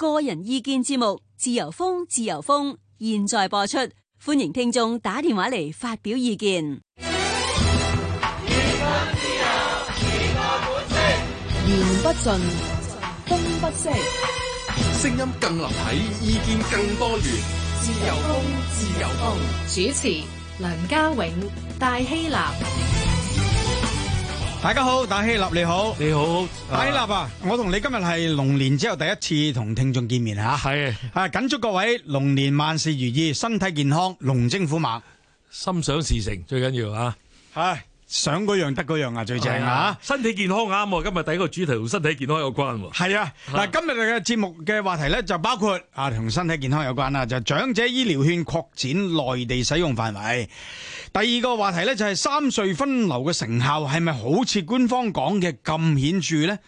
個人意見節目，自由風，自由風，現在播出，歡迎聽眾打電話嚟發表意見。言不盡，風不息，聲音更立體，意見更多元。自由風，自由風，主持梁家永、戴希立。大家好，大希立你好，你好，大好希立啊！我同你今日係龍年之後第一次同聽眾見面吓，係的啊，謹祝各位龍年萬事如意，身體健康，龍精虎猛，心想事成最緊要啊！係、啊。想嗰樣得嗰樣啊，最正啊！身體健康啱，今日第一個主題同身體健康有關。係啊的，嗱的，今日嘅節目嘅話題呢，就包括啊，同的身體健康有關啦，就是、長者醫療券擴展內地使用範圍。第二個話題呢、就是，就係三隧分流嘅成效係咪好似官方講嘅咁顯著呢？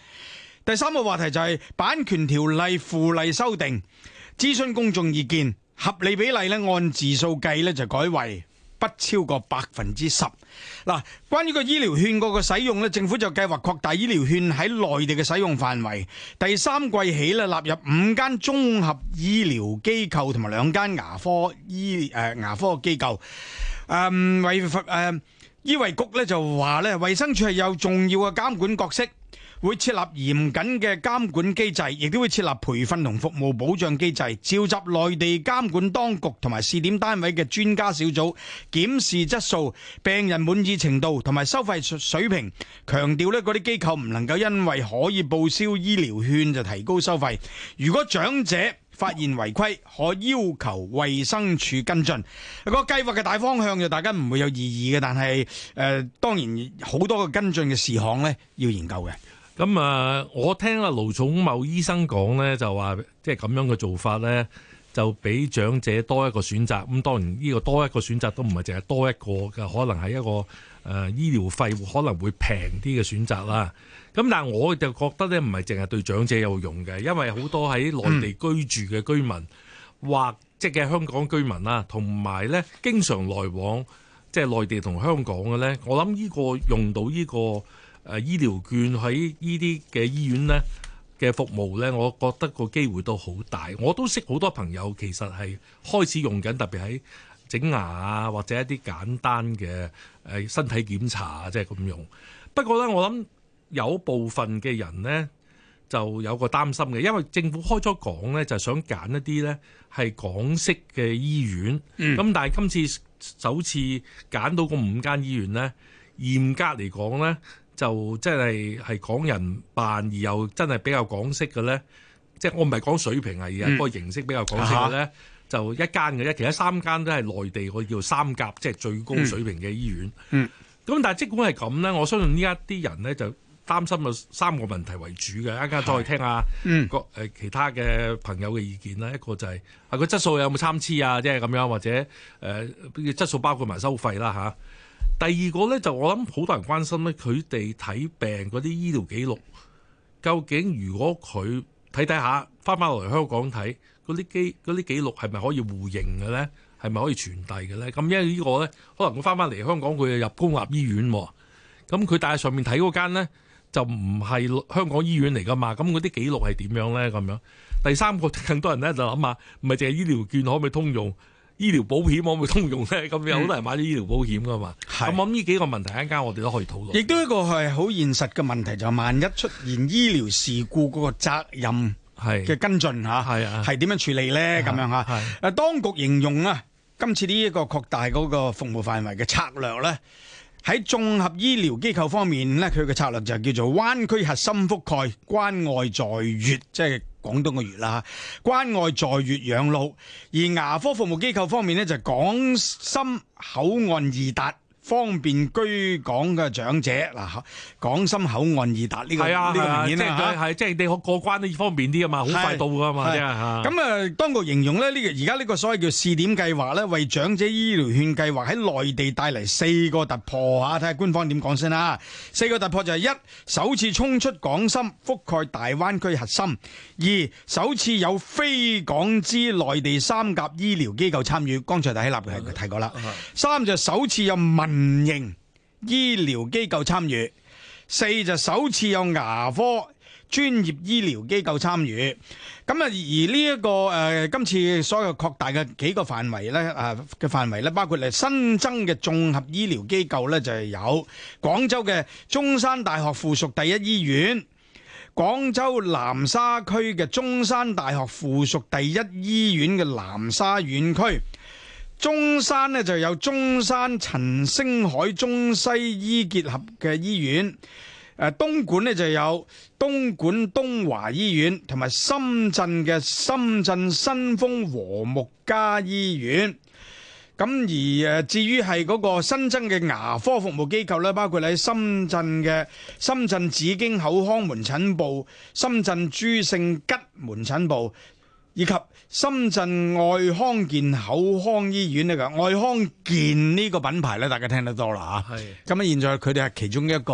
第三個話題就係、是、版權條例附例修訂，諮詢公眾意見，合理比例呢，按字數計呢，就改為。不超過百分之十。嗱，關於個醫療券嗰個使用呢，政府就計劃擴大醫療券喺內地嘅使用範圍。第三季起呢，納入五間綜合醫療機構同埋兩間牙科醫誒牙科機構。誒、嗯，衞誒醫衞局呢，就話呢，衞生署係有重要嘅監管角色。會設立嚴謹嘅監管機制，亦都會設立培訓同服務保障機制，召集內地監管當局同埋試點單位嘅專家小組檢視質素、病人滿意程度同埋收費水平。強調呢，嗰啲機構唔能夠因為可以報銷醫療券就提高收費。如果長者發現違規，可要求衛生署跟進。個計劃嘅大方向就大家唔會有異議嘅，但係誒，當然好多嘅跟進嘅事項呢要研究嘅。咁啊，我聽阿盧寵茂醫生講呢，就話即係咁樣嘅做法呢，就俾長者多一個選擇。咁當然呢個多一個選擇都唔係淨係多一個嘅，可能係一個誒、呃、醫療費可能會平啲嘅選擇啦。咁但係我就覺得呢，唔係淨係對長者有用嘅，因為好多喺內地居住嘅居民或者即係香港居民啦，同埋呢，經常來往即係、就是、內地同香港嘅呢。我諗呢個用到呢、這個。誒、醫療券喺呢啲嘅醫院呢嘅服務呢，我覺得個機會都好大。我都識好多朋友，其實係開始用緊，特別喺整牙啊，或者一啲簡單嘅誒身體檢查啊，即係咁用。不過呢，我諗有部分嘅人呢，就有個擔心嘅，因為政府開咗講呢，就係、想揀一啲呢係港式嘅醫院。咁、嗯、但係今次首次揀到個五間醫院呢，嚴格嚟講呢。就即係係港人辦，而又真係比較港式嘅咧，即係我唔係講水平啊，而係嗰個形式比較港式嘅咧，啊、哈就一間嘅啫，其他三間都係內地可以叫三甲，即、就、係、是、最高水平嘅醫院。咁、嗯嗯、但係即管係咁咧，我相信呢一啲人咧就擔心啊三個問題為主嘅，一陣間再聽下個誒其他嘅朋友嘅意見啦。是嗯、一個就係、是、啊個質素有冇參差啊，即係咁樣，或者誒、呃、質素包括埋收費啦嚇。啊。第二個咧就我諗好多人關心咧，佢哋睇病嗰啲醫療記錄，究竟如果佢睇睇下翻返落嚟香港睇嗰啲記啲記錄係咪可以互認嘅咧？係咪可以傳遞嘅咧？咁因為呢個咧可能佢翻返嚟香港佢又入公立醫院，咁佢帶上面睇嗰間咧就唔係香港醫院嚟噶嘛，咁嗰啲記錄係點樣咧？咁樣第三個更多人咧就諗下，唔係淨係醫療券可唔可以通用？醫療保險可唔可以通用咧？咁有好多人買咗醫療保險噶嘛？係。咁我諗呢幾個問題一間，我哋都可以討論。亦都一個係好現實嘅問題，就係萬一出現醫療事故嗰個責任嘅跟進嚇，係點樣處理咧？咁樣嚇。誒，當局形容啊，今次呢一個擴大嗰個服務範圍嘅策略咧，喺綜合醫療機構方面咧，佢嘅策略就叫做灣區核心覆蓋，關外在粵，即係。廣東嘅粵啦，關愛在粵養老，而牙科服務機構方面呢，就港深口岸易達。方便居港嘅長者嗱，港深口岸易達呢、呢個係啊，呢個明顯啊，即係你過關都方便啲啊嘛，好快到啊嘛，咁啊、呃，當局形容咧呢、呢個而家呢個所謂叫試點計劃咧，為長者醫療券計劃喺內地帶嚟四個突破嚇，睇下官方點講先啦。四個突破就係、係、一、首次衝出港深，覆蓋大灣區核心；二、首次有非港資內地三甲醫療機構參與，剛才就喺立提過啦；三就首次有民唔認醫療機構參與，四就首次有牙科專業醫療機構參與。咁啊，而呢一個誒今次所有擴大嘅幾個範圍咧啊嘅範圍咧，包括嚟新增嘅綜合醫療機構咧，就係有廣州嘅中山大學附屬第一醫院、廣州南沙區嘅中山大學附屬第一醫院嘅南沙院區。中山呢就有中山陳星海中西醫結合嘅醫院，誒東莞呢就有東莞東華醫院同埋深圳嘅深圳新風和睦家醫院。咁而誒至於係嗰個新增嘅牙科服務機構呢，包括喺深圳嘅深圳紫荊口腔門診部、深圳朱勝吉門診部。以及深圳愛康健口腔醫院呢個愛康健呢個品牌咧，大家聽得多啦嚇。係是。咁啊，現在佢哋係其中一個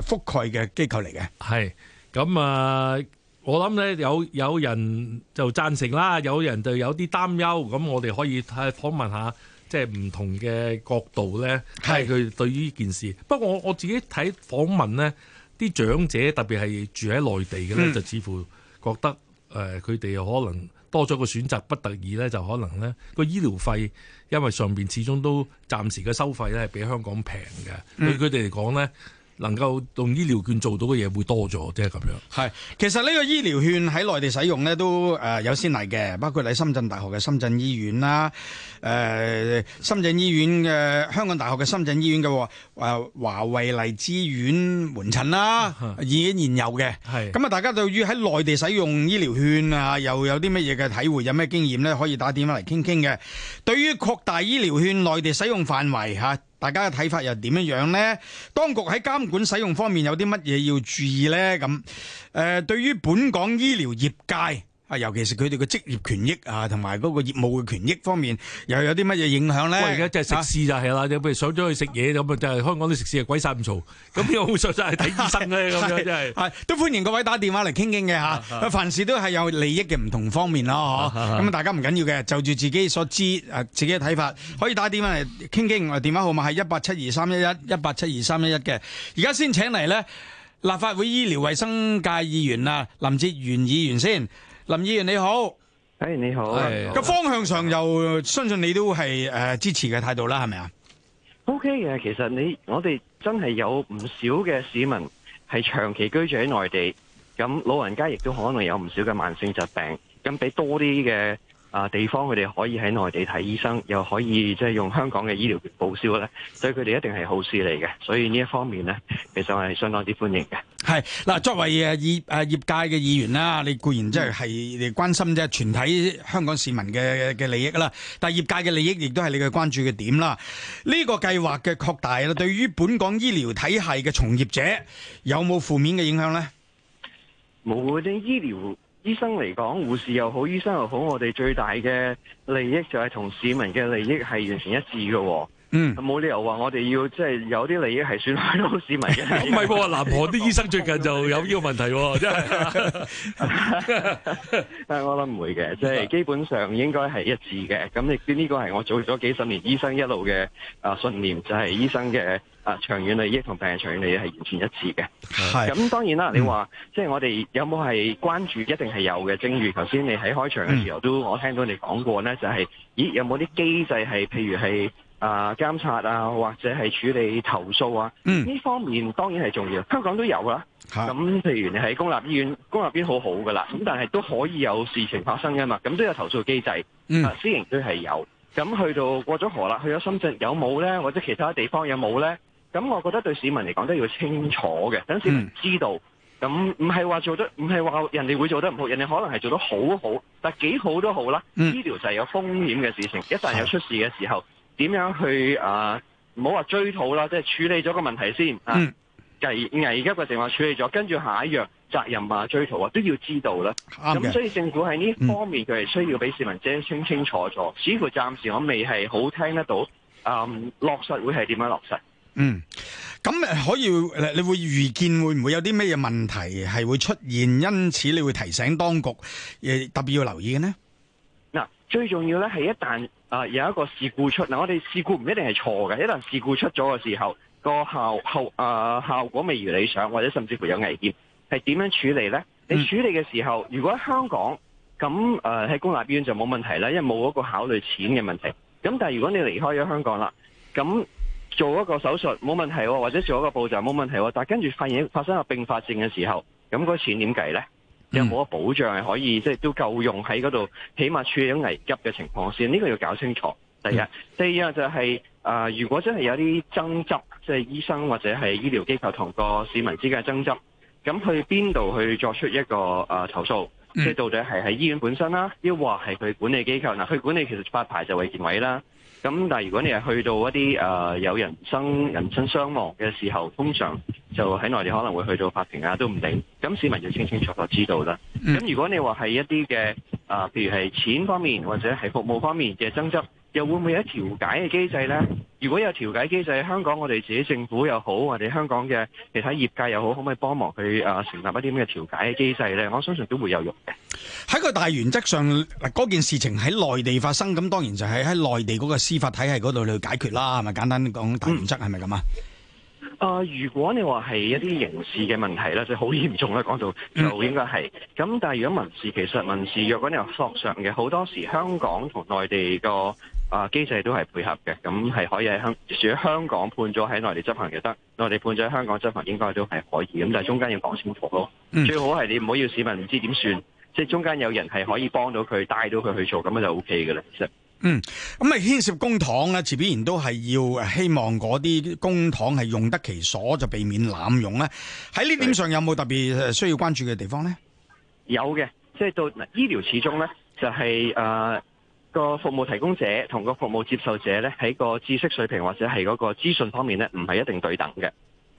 覆蓋嘅機構嚟嘅。係。咁啊，我諗咧有有人就贊成啦，有人就有啲擔憂。咁我哋可以係訪問下，即係唔同嘅角度咧，睇佢對於呢件事。是不過我我自己睇訪問咧，啲長者特別係住喺內地嘅咧，就似乎覺得誒，佢哋、嗯呃、可能。多咗個選擇，不得已咧，就可能咧個醫療費，因為上面始終都暫時嘅收費咧，係比香港平嘅，嗯、對佢哋嚟講咧。能夠用醫療券做到嘅嘢會多咗，即係咁樣。係，其實呢個醫療券喺內地使用呢都誒、呃、有先例嘅，包括喺深圳大學嘅深圳醫院啦、誒、呃、深圳醫院嘅香港大學嘅深圳醫院嘅，誒、呃、華為荔枝園門診啦、啊，已經沿有現有嘅。咁啊是，大家對於喺內地使用醫療券啊，又有啲乜嘢嘅體會，有咩經驗呢？可以打電話嚟傾傾嘅。對於擴大醫療券內地使用範圍、啊大家嘅睇法又點樣呢？當局喺監管使用方面有啲乜嘢要注意呢？咁、呃，對於本港醫療業界。啊，尤其是佢哋嘅職業權益啊，同埋嗰個業務嘅權益方面，又有啲乜嘢影響咧？我而家即係食肆就係啦，你不、啊、如上咗去食嘢咁就係、是、香港啲食肆啊，鬼殺咁嘈，咁要上曬睇醫生咧，咁樣真係係都歡迎各位打電話嚟傾傾嘅嚇。啊啊、凡事都係有利益嘅唔同方面咯，咁啊，啊，啊大家唔緊要嘅，就住自己所知啊，自己嘅睇法，可以打電話嚟傾傾。電話號碼係一八七二三一一一八七二三一一嘅。而家先請嚟咧，立法會醫療衞生界議員啊，林哲玄議員先。林議員你好，誒、hey, 你好，個 Hey. 方向上又相信你都係誒支持嘅態度啦，係咪啊？O K 嘅，其實你我哋真係有唔少嘅市民係長期居住喺內地，咁老人家亦都可能有唔少嘅慢性疾病，咁俾多啲嘅。啊，地方佢哋可以喺內地睇醫生，又可以即係用香港嘅醫療報銷咧，所以佢哋一定係好事嚟嘅。所以呢一,一方面呢，其實係相當之歡迎嘅。係嗱，作為啊業啊業界嘅議員啦，你固然即係係關心啫，全體香港市民嘅嘅利益啦，但係業界嘅利益亦都係你嘅關注嘅點啦。呢、呢個計劃嘅擴大啦，對於本港醫療體系嘅從業者有冇負面嘅影響呢？冇，啲醫療。醫生嚟講，護士又好，醫生又好，我哋最大嘅利益就係同市民嘅利益係完全一致嘅喎。嗯，冇理由話我哋要即係、就是、有啲利益係損害到市民嘅。唔係喎，南韓啲醫生最近就有呢個問題，真係 但係我諗唔會嘅，即係基本上應該係一致嘅。咁亦呢個係我做咗幾十年醫生一路嘅啊信念，就係、是、醫生嘅啊長遠利益同病人長遠利益係完全一致嘅。係是。咁當然啦，嗯、你話即係我哋有冇係關注，一定係有嘅。正如頭先你喺開場嘅時候都、嗯、我聽到你講過呢，就係、是、咦有冇啲機制係，譬如係。啊，監察啊，或者係處理投訴啊，呢、嗯、方面當然係重要。香港都有啦，咁譬、啊、如你喺公立醫院，公立醫院好好噶啦，咁但係都可以有事情發生噶嘛，咁都有投訴機制。嗯，啊、私營都係有。咁去到過咗河啦，去咗深圳有冇呢？或者其他地方有冇呢？咁我覺得對市民嚟講都要清楚嘅，等市民知道。咁唔係話做得唔係話人哋會做得唔好，人哋可能係做得好好，但幾幾好都好啦。醫、嗯、療就係有風險嘅事情，一旦有出事嘅時候。啊點樣去誒，唔好話追討啦，即係處理咗個問題先。嗯、危危急嘅情況處理咗，跟住下一樣責任啊，追討啊，都要知道啦。咁的所以政府喺呢方面，佢係需要俾市民即係清清楚楚。似、嗯、乎暫時我未係好聽得到，嗯，落實會係點樣落實？嗯，咁誒可以，你會預見會唔會有啲咩嘢問題係會出現？因此你會提醒當局誒，特別要留意嘅呢？最重要呢，係一旦啊有一個事故出，嗱我哋事故唔一定係錯嘅。一旦事故出咗嘅時候，個效效啊、呃、效果未如理想，或者甚至乎有危險，係點樣處理呢？你處理嘅時候，如果喺香港咁誒喺公立醫院就冇問題啦，因為冇嗰個考慮錢嘅問題。咁但係如果你離開咗香港啦，咁做一個手術冇問題，或者做一個步驟冇問題，但係跟住發現發生個併發症嘅時候，咁嗰錢點計呢？嗯、有冇個保障係可以即係都夠用喺嗰度，起碼處理緊危急嘅情況先，呢、這個要搞清楚。第一，第二就係、是、誒、呃，如果真係有啲爭執，即係醫生或者係醫療機構同個市民之間嘅爭執，咁去邊度去作出一個誒、呃、投訴？即係到底係喺醫院本身啦、啊，抑或係佢管理機構？嗱、呃，佢管理其實發牌就衛健委啦。咁但係如果你係去到一啲誒、呃、有人生人身傷亡嘅時候，通常就喺內地可能會去到法庭啊，都唔定。咁市民就清清楚楚知道啦。咁、嗯、如果你話係一啲嘅啊，譬如係錢方面或者係服務方面嘅爭執，又會唔會有調解嘅機制咧？如果有調解機制，香港我哋自己政府又好，我哋香港嘅其他業界又好，可唔可以幫忙佢啊、呃，成立一啲咁嘅調解嘅機制咧？我相信都會有用嘅。喺個大原則上，嗰件事情喺內地發生，咁當然就係喺內地嗰個司法體系嗰度嚟解決啦。係咪？簡單講大原則係咪咁啊？啊、嗯呃，如果你話係一啲刑事嘅問題咧，就好嚴重啦，講到就應該係咁。但係如果民事，其實民事若果你話索償嘅，好多時香港同內地個。啊，機制都係配合嘅，咁係可以喺香，住喺香港判咗喺內地執行嘅得，內地判咗喺香港執行應該都係可以，咁但係中間要講清楚咯，嗯、最好係你唔好要，要市民唔知點算，即、就、係、是、中間有人係可以幫到佢，嗯、帶到佢去做，咁樣就 O K 嘅啦，嗯，咁啊牽涉公帑咧，自必然都係要希望嗰啲公帑係用得其所，就避免濫用咧。喺呢點上有冇特別需要關注嘅地方咧？有嘅，即、就、係、是、到醫療始終咧，就係、是、啊。呃個服務提供者同個服務接受者咧，喺個知識水平或者係嗰個資訊方面咧，唔係一定對等嘅。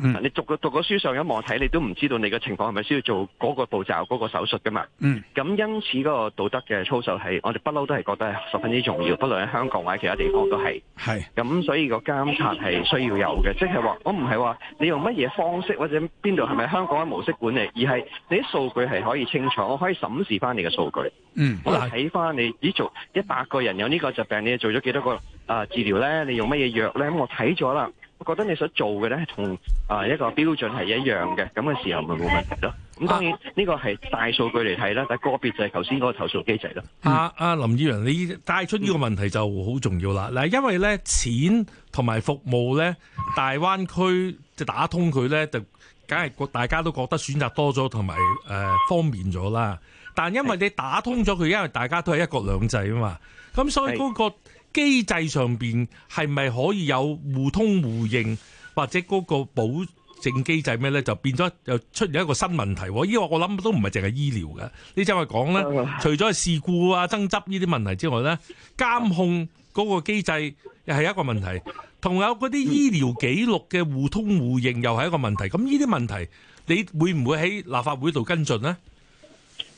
嗯，你讀過讀過書上一望睇，你都唔知道你嘅情況係咪需要做嗰個步驟嗰、嗰個手術㗎嘛？嗯，咁因此嗰個道德嘅操守係，我哋不嬲都係覺得係十分之重要，不論喺香港或者其他地方都係。咁是所以個監察係需要有嘅，即係話我唔係話你用乜嘢方式或者邊度係咪香港嘅模式管理，而係你啲數據係可以清楚，我可以審視翻你嘅數據。嗯，我睇翻你，咦是做一百個人有呢個疾病，你做咗幾多個啊、呃、治療咧？你用乜嘢藥咧？咁我睇咗啦。我覺得你想做嘅咧，同啊一個標準係一樣嘅，咁嘅時候咪冇問題咯。咁當然呢個係大數據嚟睇啦，啊、但個別就係頭先嗰個投訴機制咯。阿阿、嗯啊、林議員，你帶出呢個問題就好重要啦。嗱，因為咧錢同埋服務咧，大灣區就打通佢咧，就梗係大家都覺得選擇多咗同埋誒方便咗啦。但因為你打通咗佢，因為大家都係一國兩制啊嘛，咁所以嗰、嗰個。機制上面係咪可以有互通互認，或者嗰個保證機制咩呢？就變咗又出現一個新問題。呢個我諗都唔係淨係醫療嘅，你即係講咧，除咗事故啊、爭執呢啲問題之外咧，監控嗰個機制又係一個問題，同有嗰啲醫療記錄嘅互通互認又係一個問題。咁呢啲問題你會唔會喺立法會度跟進呢？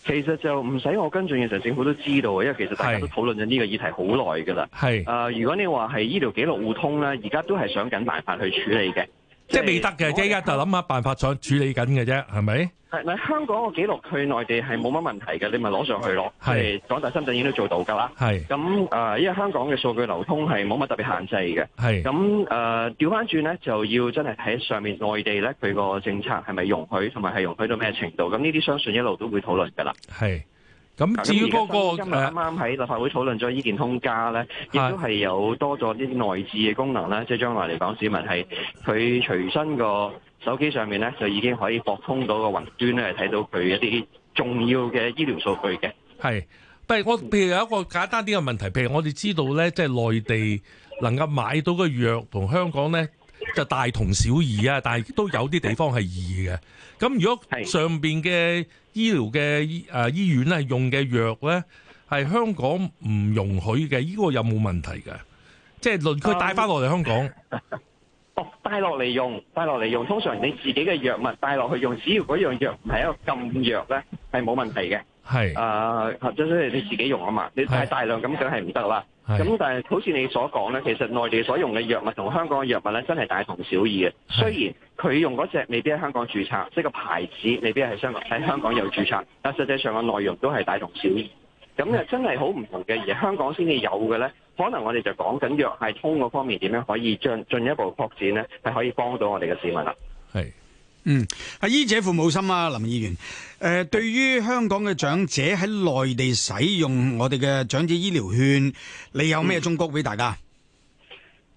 其實就唔使我跟進，其實政府都知道，因為其實大家都討論緊呢個議題好耐㗎啦。誒，如果你話係醫療紀錄互通咧，而家都係想緊辦法去處理嘅。即係未得嘅，即家就諗下辦法再處理緊嘅啫，係咪？係嗱，香港個記錄去內地係冇乜問題嘅，你咪攞上去咯。係是，港大、深圳已經都做到噶啦。係是，咁啊、呃，因為香港嘅數據流通係冇乜特別限制嘅。係是，咁啊，調翻轉咧，就要真係睇上面內地咧，佢個政策係咪容許，同埋係容許到咩程度？咁呢啲相信一路都會討論噶啦。係。咁至於嗰個今日啱啱喺立法會討論咗呢件通家咧，亦都係有多咗一啲內置嘅功能啦。即係將來嚟講，市民係佢隨身個手機上面咧，就已經可以駁通到個雲端咧，睇到佢一啲重要嘅醫療數據嘅。係，但係我譬如有一個簡單啲嘅問題，譬如我哋知道咧，即係內地能夠買到嘅藥同香港咧，就大同小異啊，但係都有啲地方係異嘅。咁如果上邊嘅。醫療嘅誒醫院咧用嘅藥咧係香港唔容許嘅，依、這個有冇問題㗎？即係論佢帶翻落嚟香港，哦、啊，帶落嚟用，帶落嚟用，通常你自己嘅藥物帶落去用，只要嗰樣藥唔係一個禁藥咧，係冇問題嘅。係啊是，即係、呃就是、你自己用啊嘛，你帶大量咁梗係唔得啦。是咁是但係好似你所講呢，其實內地所用嘅藥物同香港嘅藥物呢真係大同小異嘅。是雖然佢用嗰隻未必喺香港註冊，即係個牌子未必係喺香、香港有註冊，但實際上個內容都係大同小異。咁嘅是真係好唔同嘅，而香港先至有嘅呢，可能我哋就講緊藥械通嗰方面點樣可以進進一步擴展呢？係可以幫到我哋嘅市民啦。嗯，啊，醫者父母心啊，林議員。誒、呃，對於香港嘅長者喺內地使用我哋嘅長者醫療券，你有咩忠告俾大家？誒、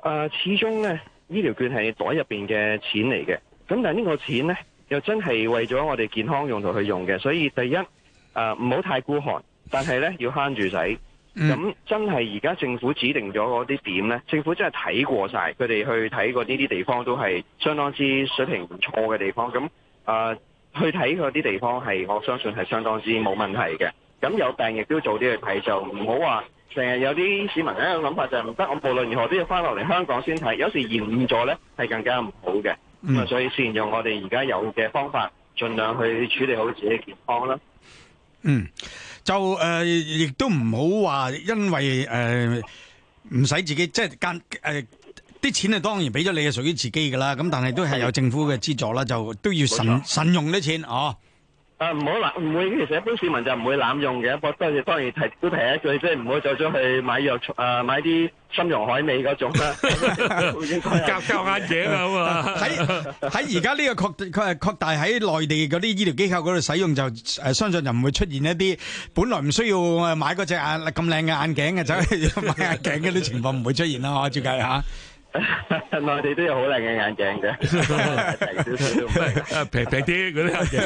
嗯呃，始終咧，醫療券係袋入邊嘅錢嚟嘅。咁但係呢個錢咧，又真係為咗我哋健康用途去用嘅。所以第一，誒、呃，唔好太孤寒，但係咧，要慳住使。咁、嗯、真係而家政府指定咗嗰啲點呢？政府真係睇過曬，佢哋去睇過呢啲地方都係相當之水平唔錯嘅地方。咁、呃、去睇嗰啲地方係我相信係相當之冇問題嘅。咁有病亦都要早啲去睇，就唔好話成日有啲市民呢個諗法就係唔得，我無論如何都要翻落嚟香港先睇。有時延誤咗呢係更加唔好嘅。咁、嗯、所以先用我哋而家有嘅方法，盡量去處理好自己嘅健康啦。嗯。就誒、呃，亦都唔好話，因為誒唔使自己即係間誒啲錢啊，當然俾咗你係屬於自己㗎喇。咁但係都係有政府嘅資助啦，就都要慎慎用啲錢哦。啊！唔好濫，唔會。其實一般市民就唔會濫用嘅。不過當然當然係都提一句，即係唔好再再去買藥，誒買啲參茸海味嗰種啦，夾夾眼鏡啊嘛。喺喺而家呢個擴佢係擴大喺內地嗰啲醫療機構嗰度使用，就誒相信就唔會出現一啲本來唔需要誒買嗰隻眼咁靚嘅眼鏡嘅，走去買眼鏡嗰啲情況唔會出現啦。可預計吓。內 地都有好靚嘅眼鏡嘅，平平平啲嗰啲眼鏡，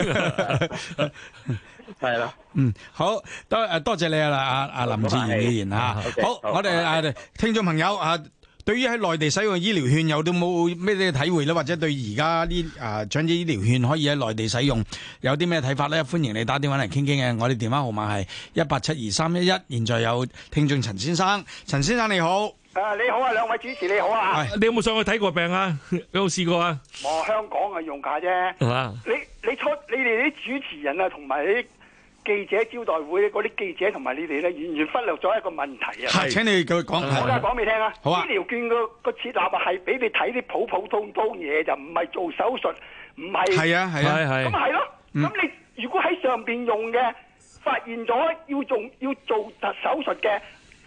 係咯，嗯，好，多誒，多謝你啦，阿阿林哲玄議員吓，好，我哋誒聽眾朋友啊，對於喺內地使用醫療券有冇咩啲體會咧？或者對而家呢誒長者醫療券可以喺內地使用有啲咩睇法咧？歡迎你打電話嚟傾傾嘅，我哋電話號碼係一八七二三一一，現在有聽眾陳先生，陳先生你好。啊，你好啊，兩位主持你好啊，你有冇上去睇過病啊？有冇試過啊？我香港啊用㗎啫。你你出你哋啲主持人啊，同埋啲記者招待會嗰啲記者同埋你哋咧，完全忽略咗一個問題啊。係，請你哋繼續講。我而家講俾你聽啊。好啊。醫療券個個設立係俾你睇啲普普通通嘢，就唔係做手術，唔係。係啊係啊係。咁咪係咯？咁你如果喺上邊用嘅，發現咗要做要做手術嘅。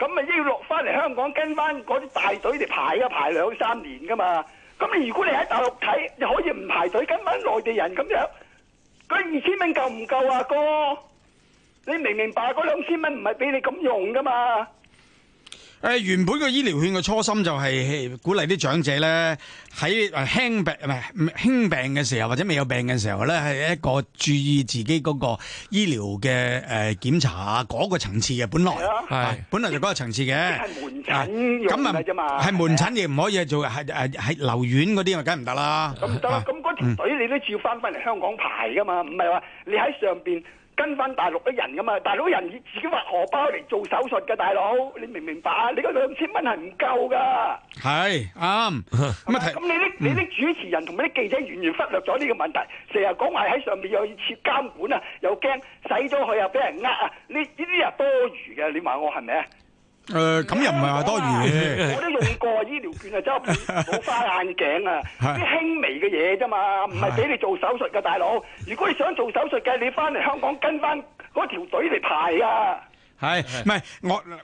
咁咪要落翻嚟香港跟翻嗰啲大隊嚟排啊，排兩三年㗎嘛。咁你如果你喺大陸睇，你可以唔排隊，跟翻內地人咁樣。佢二千蚊夠唔夠啊哥？你明唔明白？嗰兩千蚊唔係俾你咁用㗎嘛。誒，原本個醫療券嘅初心就係鼓勵啲長者咧喺輕病唔係輕病嘅時候，或者未有病嘅時候咧，係一個注意自己嗰個醫療嘅、誒檢查啊嗰個層次嘅，本來係本來就嗰個層次嘅，係門診咁啊，啫嘛，係門診亦唔可以做，係係係留院嗰啲咪梗唔得啦。咁得咁嗰條隊你都照翻翻嚟香港排噶嘛？唔係話你喺上邊。跟翻大陸啲人㗎嘛？大佬人以自己挖荷包嚟做手術嘅，大佬你明唔明白啊？你嗰兩千蚊係唔夠噶，係啱咁啊！咁、嗯、 你啲你啲主持人同埋啲記者，完全忽略咗呢個問題，成日講話喺上面又要設監管啊，又驚使咗佢又俾人呃啊！呢呢啲又多餘嘅，你話我係咪啊？誒，咁又唔係話多餘嘅。我都用過醫療券啊，即係補翻眼鏡啊，啲輕微嘅嘢啫嘛，唔係俾你做手術嘅大佬。如果你想做手術嘅，你翻嚟香港跟翻嗰條隊嚟排啊。係，唔係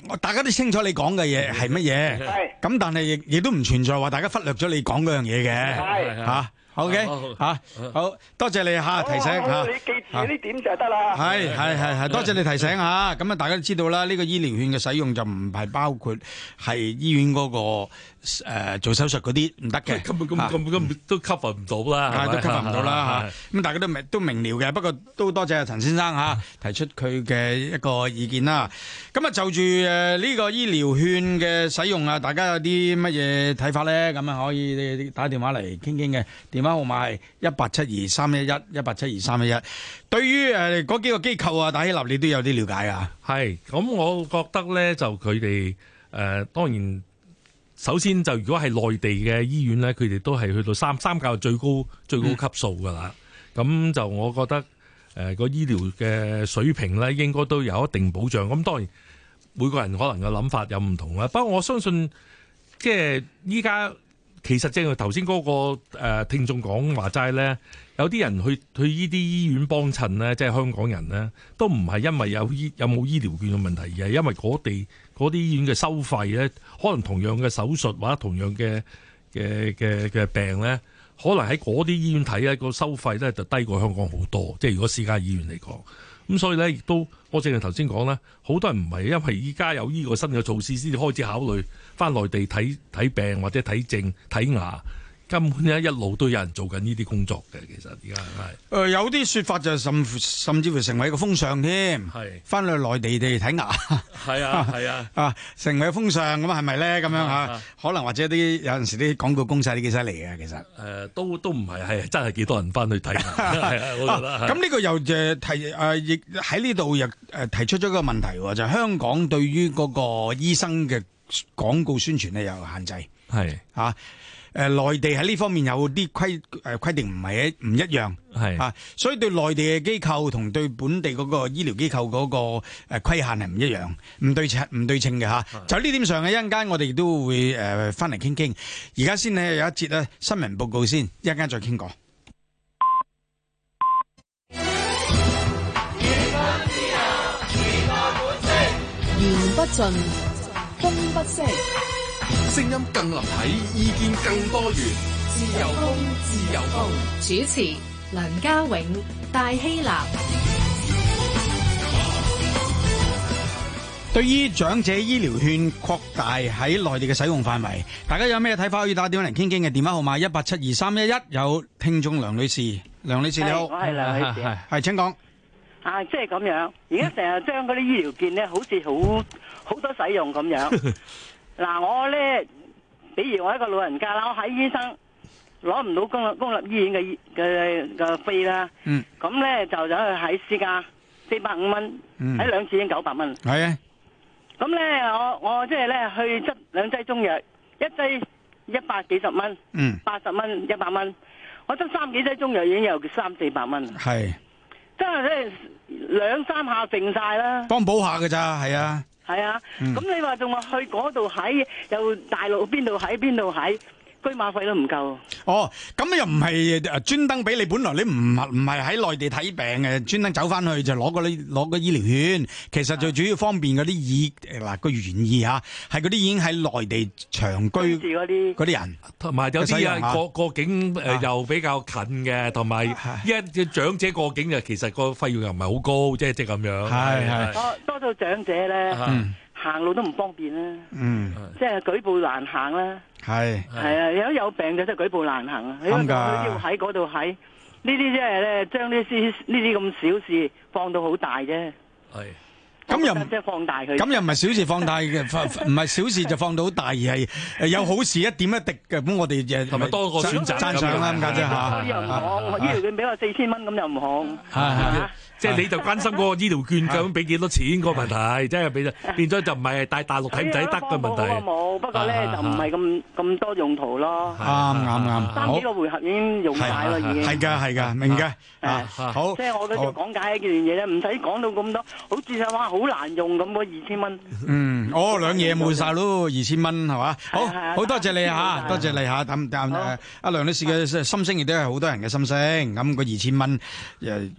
我，大家都清楚你講嘅嘢係乜嘢。係。咁但係亦亦都唔存在話大家忽略咗你講嗰樣嘢嘅。係。嚇。Okay? 啊、好嘅，嚇好多謝你嚇提醒嚇，你記住呢點就得啦。係係係係，多謝你提醒嚇。咁 啊，大家都知道啦，呢個醫療券嘅使用就唔係包括係醫院嗰個。誒、呃、做手術嗰啲唔得嘅，根本根本根本都 cover 唔到啦、啊，都 cover 唔到啦咁、啊、大家都明都明瞭嘅，不過都多謝陳陳先生嚇、啊、提出佢嘅一個意見啦。咁啊就住誒呢個醫療券嘅使用啊，大家有啲乜嘢睇法咧？咁啊可以打電話嚟傾傾嘅電話號碼係一八七二三一一一八七二三一一。對於嗰幾個機構啊，打起立你都有啲了解啊？係，咁我覺得咧就佢哋誒當然。首先就如果係內地嘅醫院呢，佢哋都係去到三三甲最高最高級數㗎啦。咁、嗯、就我覺得誒個、呃、醫療嘅水平呢，應該都有一定保障。咁當然每個人可能嘅諗法有唔同啦。不過我相信即係依家其實正如頭先嗰個誒、呃、聽眾講話齋咧，有啲人去去依啲醫院幫襯呢，即係香港人呢都唔係因為有醫有冇醫療券嘅問題，而係因為嗰地。嗰啲醫院嘅收費呢，可能同樣嘅手術或者同樣嘅嘅嘅嘅病呢，可能喺嗰啲醫院睇，呢個收費呢就低過香港好多，即係如果私家醫院嚟講，咁所以呢，亦都我正係頭先講啦，好多人唔係因為依家有呢個新嘅措施先至開始考慮翻內地睇睇病或者睇症睇牙。根本咧一路都有人做緊呢啲工作嘅，其實而家係。誒、呃、有啲説法就甚甚至乎成為一個風尚添。係返是去內地哋睇牙。係啊係啊啊成為風尚咁啊係咪咧咁樣嚇？啊、可能或者啲有陣時啲廣告攻勢都幾犀利嘅其實。誒、呃、都都唔係係真係幾多人返去睇。係咁呢個又誒提誒亦喺呢度又誒提出咗一個問題，就係、香港對於嗰個醫生嘅廣告宣傳咧有限制。係是啊。誒、呃、內地喺呢方面有啲規誒、呃、規定唔係唔一樣是啊，所以對內地嘅機構同對本地嗰個醫療機構嗰個規限係唔一樣，唔對，對稱唔對稱嘅嚇，就呢點上嘅一陣間，我哋都會誒翻嚟傾傾。而、呃、家先有一節咧新聞報告先，聊一陣間再傾過。聲音更立體，意見更多元。自由風，自由風。主持梁家永、戴希立。對於長者醫療券擴大喺內地嘅使用範圍，大家有咩睇法？可以打電話嚟傾傾嘅電話號碼：一八七二三一一。有聽眾梁女士，梁女士你好，我係梁女士，係係請講。啊，即係咁樣，而家成日將嗰啲醫療券咧，好似好好多使用咁樣。嗱我咧，比如我一個老人家啦，我喺醫生攞唔到公立公立醫院嘅嘅嘅飛啦，咁咧、嗯、就走去喺私家，四百五蚊，喺兩、嗯、次已經九百蚊。係、啊，咁咧我我即係咧去執兩劑中藥，一劑一百幾十蚊，八十蚊一百蚊，我執三幾劑中藥已經有三四百蚊。係是，真係咧兩三下剩晒啦。幫補下㗎咋，係啊。係啊，咁你話仲話去嗰度喺，又大陸邊度喺，邊度喺？居馬費都唔夠。哦，咁又唔係專登俾你，本來你唔係唔係喺內地睇病嘅，專登走翻去就攞嗰啲攞個醫療券。其實最主要方便嗰啲醫嗱個原意嚇，係嗰啲已經喺內地長居嗰啲嗰啲人，同埋有時啊過過境誒又比較近嘅，同埋依家嘅長者過境就其實個費用又唔係好高，即係即係咁樣。係係多到長者咧。行路都唔方便啦，嗯，即係舉步難行啦。係，係啊，如果有病就真係舉步難行啊。啱噶，佢要喺嗰度喺。呢啲即係咧，將呢啲呢啲咁小事放到好大啫。係，咁又唔即係放大佢？咁又唔係小事放大嘅，唔係小事就放到好大而係有好事一點一滴嘅。咁我哋誒同埋多個選擇讚賞啦咁解啫嚇。嗰啲又唔好，呢條線俾我四千蚊咁又唔好。係。即係你就關心嗰個醫療券究竟俾幾多錢嗰個問題，真係變咗變咗就唔係帶大陸睇唔睇得嘅問題。冇不過咧就唔係咁咁多用途咯。啱啱啱，三幾個回合已經用晒咯，已經係嘅係嘅明嘅。好，即係我都想講解呢件嘢咧，唔使講到咁多，好似係話好難用咁嗰二千蚊。嗯，哦，兩嘢冇晒咯，二千蚊係嘛，好好多謝你吓，多謝你吓，等等阿梁女士嘅心聲亦都係好多人嘅心聲。咁個二千蚊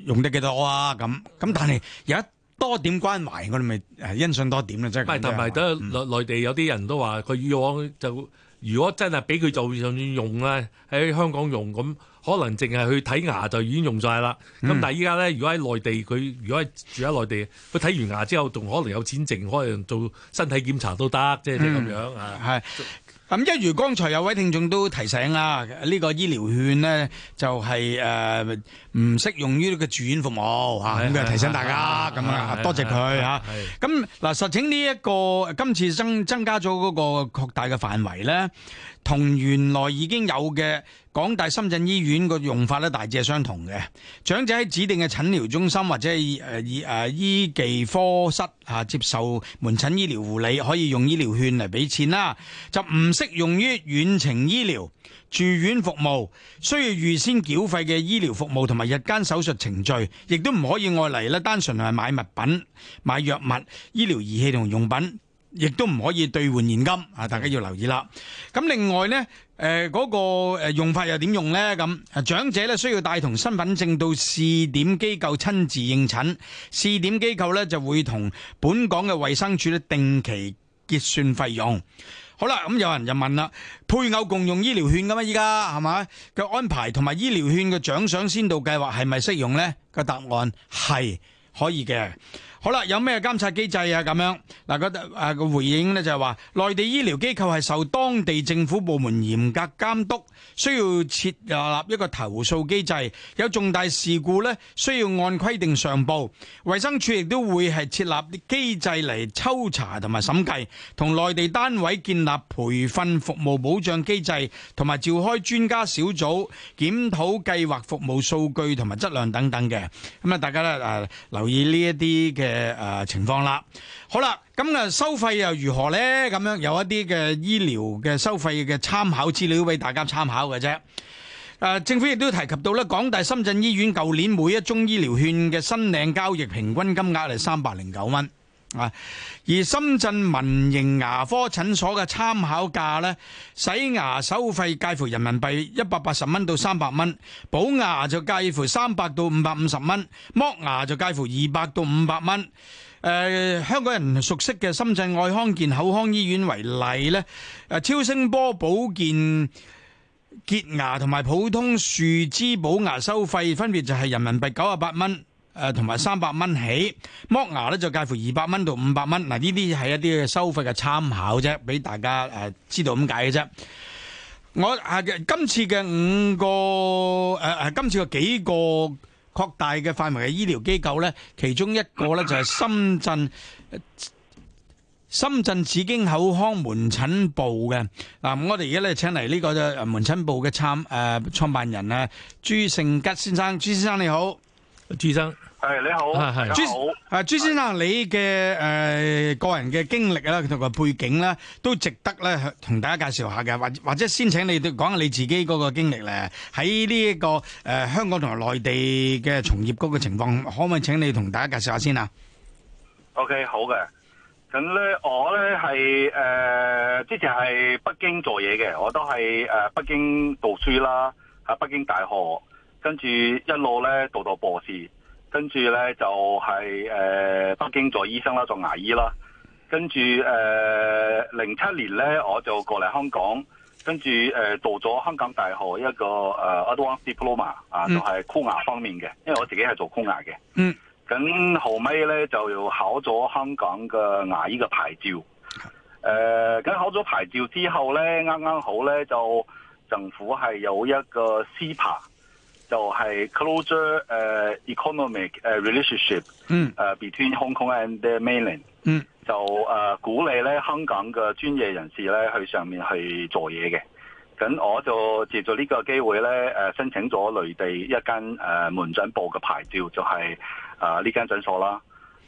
用得幾多啊？啊咁咁，但係有一多點關懷，我哋咪欣賞多點啦，不即係是咁。同埋都內內地有啲人都話，佢以往就如果真係俾佢就用用咧喺香港用，咁可能淨係去睇牙就已經用晒啦。咁、嗯、但係依家咧，如果喺內地，佢如果住喺內地，佢睇完牙之後，仲可能有錢剩，可能做身體檢查都得，即係咁樣啊。嗯咁一如剛才有位聽眾都提醒啦，呢個醫療券咧就係誒唔適用於呢個住院服務吓，咁嘅提醒大家咁啊，多謝佢吓。咁嗱，實情呢一個今次增增加咗嗰個擴大嘅範圍咧。同原來已經有嘅港大深圳醫院個用法咧，大致係相同嘅。長者喺指定嘅診療中心或者係醫技科室啊，接受門診醫療護理，可以用醫療券嚟俾錢啦。就唔適用於遠程醫療、住院服務，需要預先繳費嘅醫療服務同埋日間手術程序，亦都唔可以外嚟咧，單純係買物品、買藥物、醫療儀器同用品。亦都唔可以兌換現金啊！大家要留意啦。咁另外呢，誒、呃、嗰、嗰個用法又點用呢？咁長者呢需要帶同身份證到試點機構親自應診，試點機構呢就會同本港嘅衛生署呢定期結算費用。好啦，咁有人就問啦：配偶共用醫療券㗎嘛？依家係咪？佢安排同埋醫療券嘅獎賞先導計劃係咪適用呢？個答案係可以嘅。好啦，有咩監察機制啊？咁樣，嗱，個誒，個回應咧就係話，內地醫療機構係受當地政府部門嚴格監督，需要設立一個投訴機制。有重大事故咧，需要按規定上報。衛生署亦都會係設立啲機制嚟，抽查同埋審計，同內地單位建立培訓服務保障機制，同埋召開專家小組檢討計劃服務數據同埋質量等等嘅。咁啊，大家咧誒，留意呢一啲嘅誒情況啦，好啦，咁啊收費又如何呢？咁樣，有一啲嘅醫療嘅收費嘅參考資料俾大家參考嘅啫。誒、啊，政府亦都提及到咧，港大深圳醫院舊年每一宗醫療券嘅新領交易平均金額係三百零九蚊。啊！而深圳民營牙科診所嘅參考價呢，洗牙收費介乎人民幣一百八十蚊到三百蚊補牙就介乎三百到五百五十蚊，剝牙就介乎二百到五百蚊。誒、呃，香港人熟悉嘅深圳愛康健口腔醫院為例呢，誒超聲波保健潔牙同埋普通樹脂補牙收費分別就係人民幣九十八蚊，誒，同埋三百蚊起，剝牙咧就介乎二百蚊到五百蚊。嗱，呢啲係一啲嘅收費嘅參考啫，俾大家誒知道咁解嘅啫。我係今次嘅五個誒誒，今次嘅、啊、幾個擴大嘅範圍嘅醫療機構咧，其中一個咧就係深圳深圳紫荊口腔門診部嘅。嗱、啊，我哋而家咧請嚟呢個嘅誒門診部嘅參誒創辦人啊，朱勝吉先生，朱先生你好，朱先生。係你好，朱好，誒朱，好朱先生，的你嘅誒、呃、個人嘅經歷啦，同埋背景咧，都值得咧同大家介紹下嘅，或或者先請你講下你自己嗰、這個經歷咧，喺呢一個誒香港同埋內地嘅從業嗰個情況， 可唔可以請你同大家介紹下先啊？OK，好嘅，咁咧我咧係誒之前係北京做嘢嘅，我都係誒北京讀書啦，喺北京大學，跟住一路咧讀到博士。跟住咧就係、是、誒、呃、北京做醫生啦，做牙醫啦。跟住誒零七年咧，我就過嚟香港。跟住誒、呃、做咗香港大學一個誒、呃、Advanced Diploma 啊，就係、是、箍牙方面嘅，因為我自己係做箍牙嘅。嗯。咁後尾咧就要考咗香港嘅牙醫嘅牌照。誒、呃，咁考咗牌照之後咧，啱啱好咧就政府係有一個師就係 closer economic relationship between Hong Kong and the mainland，mm. Mm. 就、呃、鼓勵咧香港嘅專業人士咧去上面去做嘢嘅。咁我就藉住呢個機會咧申請咗內地一間誒、呃、門診部嘅牌照，就係啊呢間診所啦。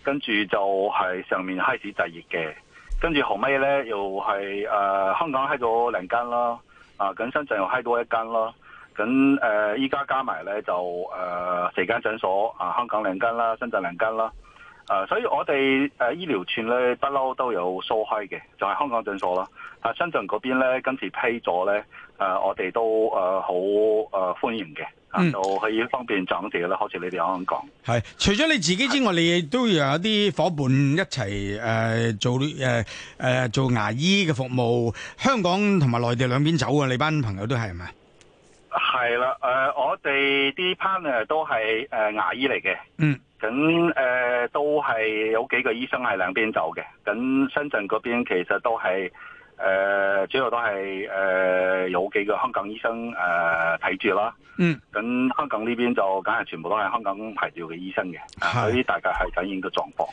跟住就係上面開始制業嘅。跟住後尾咧又係、呃、香港開咗兩間啦，啊咁深圳又開多一間啦。咁誒，依家加埋咧就誒四間診所啊，香港兩間啦，深圳兩間啦。誒，所以我哋誒醫療券咧不嬲都有疏開嘅，就係、是、香港診所啦。但深圳嗰邊咧今次批咗咧，誒我哋都誒好誒歡迎嘅，嗯、就可以方便長者啦。好似你哋啱啱講，係除咗你自己之外，的你都有一啲伙伴一齊誒、呃、做誒誒、呃、做牙醫嘅服務，香港同埋內地兩邊走啊！你班朋友都係咪？是係啦，誒、呃，我哋啲 partner 都係誒、呃、牙醫嚟嘅，嗯，咁誒、呃、都係有幾個醫生喺兩邊走嘅，咁深圳嗰邊其實都係。誒、呃，主要都係誒、呃、有幾個香港醫生誒睇住啦。呃、嗯。咁香港呢邊就梗係全部都係香港牌照嘅醫生嘅。係是。所以大概係反映個狀況。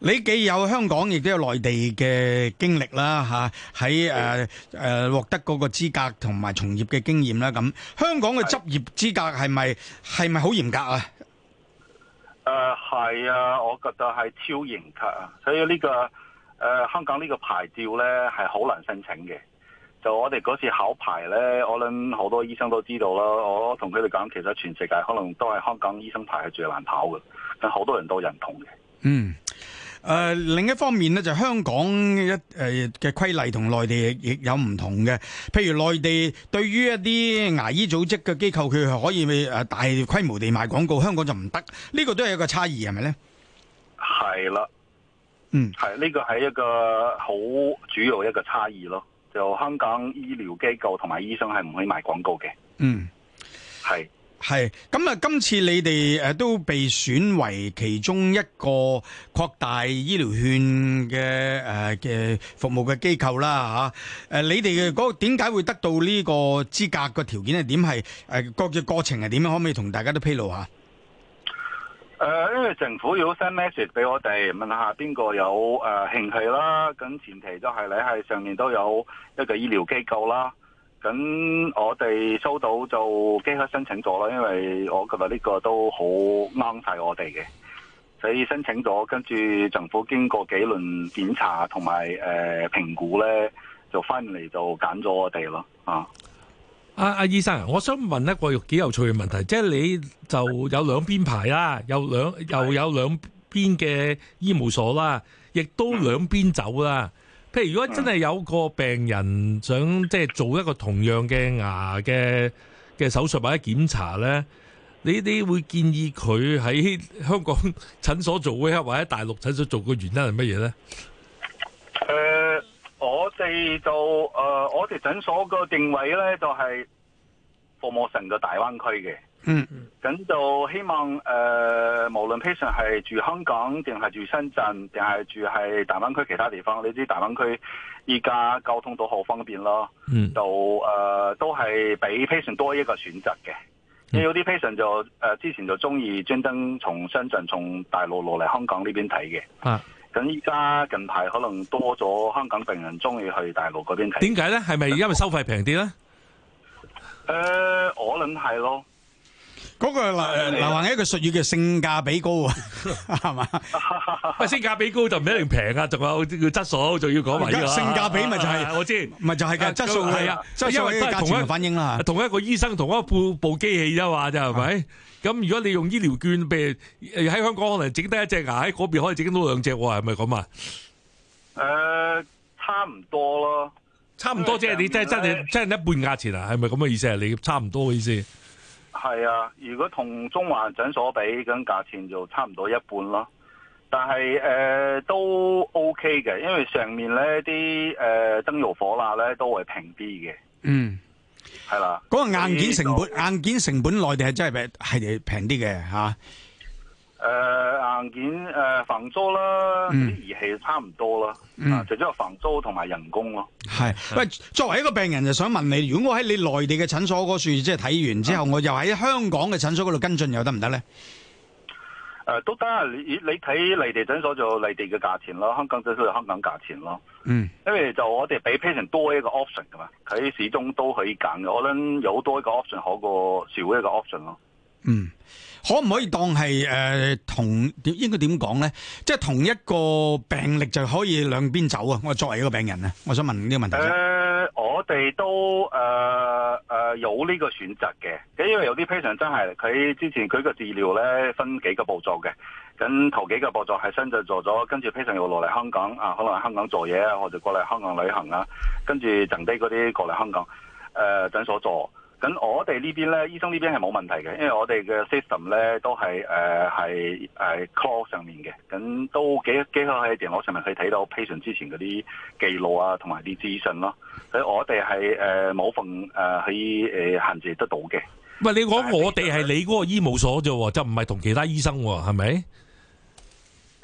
你既有香港，亦都有內地嘅經歷啦，吓喺誒誒獲得嗰個資格同埋從業嘅經驗啦。咁香港嘅執業資格係咪係咪好嚴格啊？誒係、呃、啊，我覺得係超嚴格啊，所以呢、這個。誒、呃，香港呢個牌照呢係好難申請嘅。就我哋嗰次考牌呢，我諗好多醫生都知道啦。我同佢哋講，其實全世界可能都係香港醫生牌係最難考嘅，但好多人都認同嘅。嗯，誒、呃，另一方面呢，就是、香港一誒嘅規例同內地亦有唔同嘅。譬如內地對於一啲牙醫組織嘅機構，佢係可以去大規模地賣廣告，香港就唔得。呢、這個都係一個差異，係咪呢？係啦。嗯，係呢個係一個好主要一個差異咯，就香港醫療機構同埋醫生係唔可以賣廣告嘅。嗯，係係是，咁啊，今次你哋誒都被選為其中一個擴大醫療券嘅誒嘅服務嘅機構啦，吓、啊、誒，你哋嘅點解會得到呢個資格，個條件係點，係誒，各、呃、嘅過程係點，可唔可以同大家都披露一下？誒，因為政府要 send message 俾我哋，問下邊個有誒、呃、興趣啦。咁前提就係、是、你係上面都有一個醫療機構啦。咁我哋收到就即刻申請咗啦，因為我覺得呢個都好啱晒我哋嘅，所以申請咗。跟住政府經過幾輪檢查同埋誒評估咧，就翻嚟就揀咗我哋咯，啊。阿阿、啊啊、醫生，我想問一個幾有趣嘅問題，即係你就有兩邊排啦，有兩又有兩邊嘅醫務所啦，亦都兩邊走啦。譬如如果真係有個病人想即係做一個同樣嘅牙嘅嘅手術或者檢查呢，你你會建議佢喺香港診所做嘅，或者大陸診所做嘅原因係乜嘢呢？我哋就誒、呃，我哋診所個定位咧就係、是、服務成個大灣區嘅。嗯，咁就希望誒、呃，無論 patient 係住香港定係住深圳定係住係大灣區其他地方，你知大灣區而家交通都好方便咯。嗯，就誒、呃、都係俾 patient 多一個選擇嘅。嗯、有啲 patient 就誒、呃、之前就中意專登從深圳從大陸落嚟香港呢邊睇嘅。啊。咁依家近排可能多咗香港病人鍾意去大陸嗰邊睇，點解咧？係咪因為收費平啲咧？誒、呃，我諗係咯。嗰個流流行一個術語叫性價比高啊，係嘛的？ 性價比高就唔一定平啊，仲有叫質素，仲要講埋啲話。性價比咪就係、是啊，我知咪就係嘅質素係啊，因為都係同一反映啦。同一個醫生同一個部部機器啫嘛，啫係咪？咁的如果你用醫療券，譬如喺香港可能整得一隻牙，喺嗰邊可以整到兩隻，係咪咁啊？誒，差唔多咯，差唔多即係你真真真係一半價錢啊？係咪咁嘅意思？你差唔多嘅意思。係啊，如果同中環診所比，咁價錢就差唔多一半咯。但係誒、呃、都 OK 嘅，因為上面咧啲誒燈油火蠟咧都會平啲嘅。嗯，係啦、啊，嗰個硬件成本以硬件成本內地係真係係平啲嘅吓。誒、呃，硬件誒、呃，房租啦，啲儀、嗯、器差唔多啦，嗯、啊，除咗個房租同埋人工咯。係是，是喂，作為一個病人，就想問你，如果我喺你內地嘅診所嗰處即係睇完之後，嗯、我又喺香港嘅診所嗰度跟進又得唔得咧？誒、呃，都得呀，你你睇內地診所就內地嘅價錢咯，香港診所就香港價錢咯。嗯，因為就我哋俾 patient 多一個 option 噶嘛，佢始終都可以揀，我諗有多一個 option 好過少一個 option 咯。嗯。可唔可以當係誒、呃、同點，應該點講咧？即係同一個病歷，就可以兩邊走啊！我作為一個病人啊，我想問呢個問題。誒、呃，我哋都誒誒、呃呃、有呢個選擇嘅，因為有啲 patient 真係佢之前佢個治療咧分幾個步驟嘅，咁頭幾個步驟係深圳做咗，跟住 patient 又落嚟香港啊，可能喺香港做嘢，啊或者過嚟香港旅行啊，跟住剩低嗰啲過嚟香港誒診、呃、所做。咁我哋呢邊咧，醫生呢邊係冇問題嘅，因為我哋嘅 system 咧都係誒係誒 call 上面嘅，咁都幾幾可喺電話上面可以睇到 patient 之前嗰啲記錄啊，同埋啲資訊咯。所以我哋係誒冇逢可以誒、呃、限制得到嘅。唔係你講我哋係你嗰個醫務所啫喎，就唔係同其他醫生喎、啊，係咪？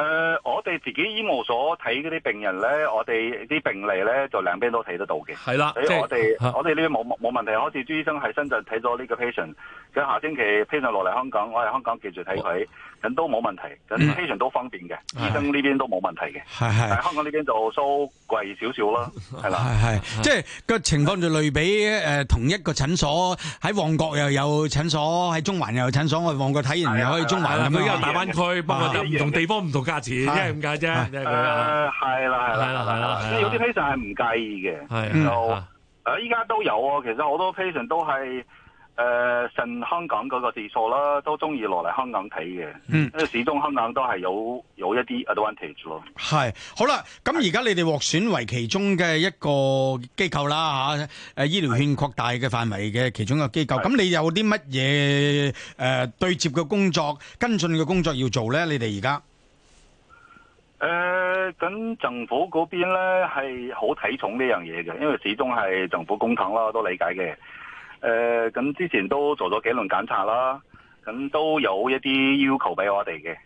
誒、呃，我哋自己醫務所睇嗰啲病人咧，我哋啲病例咧就兩邊都睇得到嘅。係啦的，所以我哋是我哋呢邊冇冇問題。好似朱醫生喺深圳睇咗呢個 patient，佢下星期 patient 落嚟香港，我喺香港繼續睇佢。咁都冇問題，咁 patient 都方便嘅，醫生呢邊都冇問題嘅，係，係。但係香港呢邊就收貴少少啦，係啦，係即係個情況就類比誒，同一個診所喺旺角又有診所，喺中環又有診所，我哋旺角睇完又可以中環咁。佢因為大灣區包括唔同地方唔同價錢，即係咁解啫。誒，係啦，係啦，係啦，係啦，因為有啲 patient 係唔介意嘅，就誒依家都有啊。其實好多 patient 都係。誒，趁、呃、香港嗰個指數啦，都中意落嚟香港睇嘅，因為始終香港都係有有一啲 advantage 咯。係，好啦，咁而家你哋獲選為其中嘅一個機構啦，吓誒，醫療券擴大嘅範圍嘅其中一個機構，咁你有啲乜嘢誒對接嘅工作、跟進嘅工作要做咧？你哋而家誒，咁政府嗰邊咧係好睇重呢樣嘢嘅，因為始終係政府公帑啦，我都理解嘅。誒，咁、呃、之前都做咗幾輪檢查啦，咁都有一啲要求俾我哋嘅。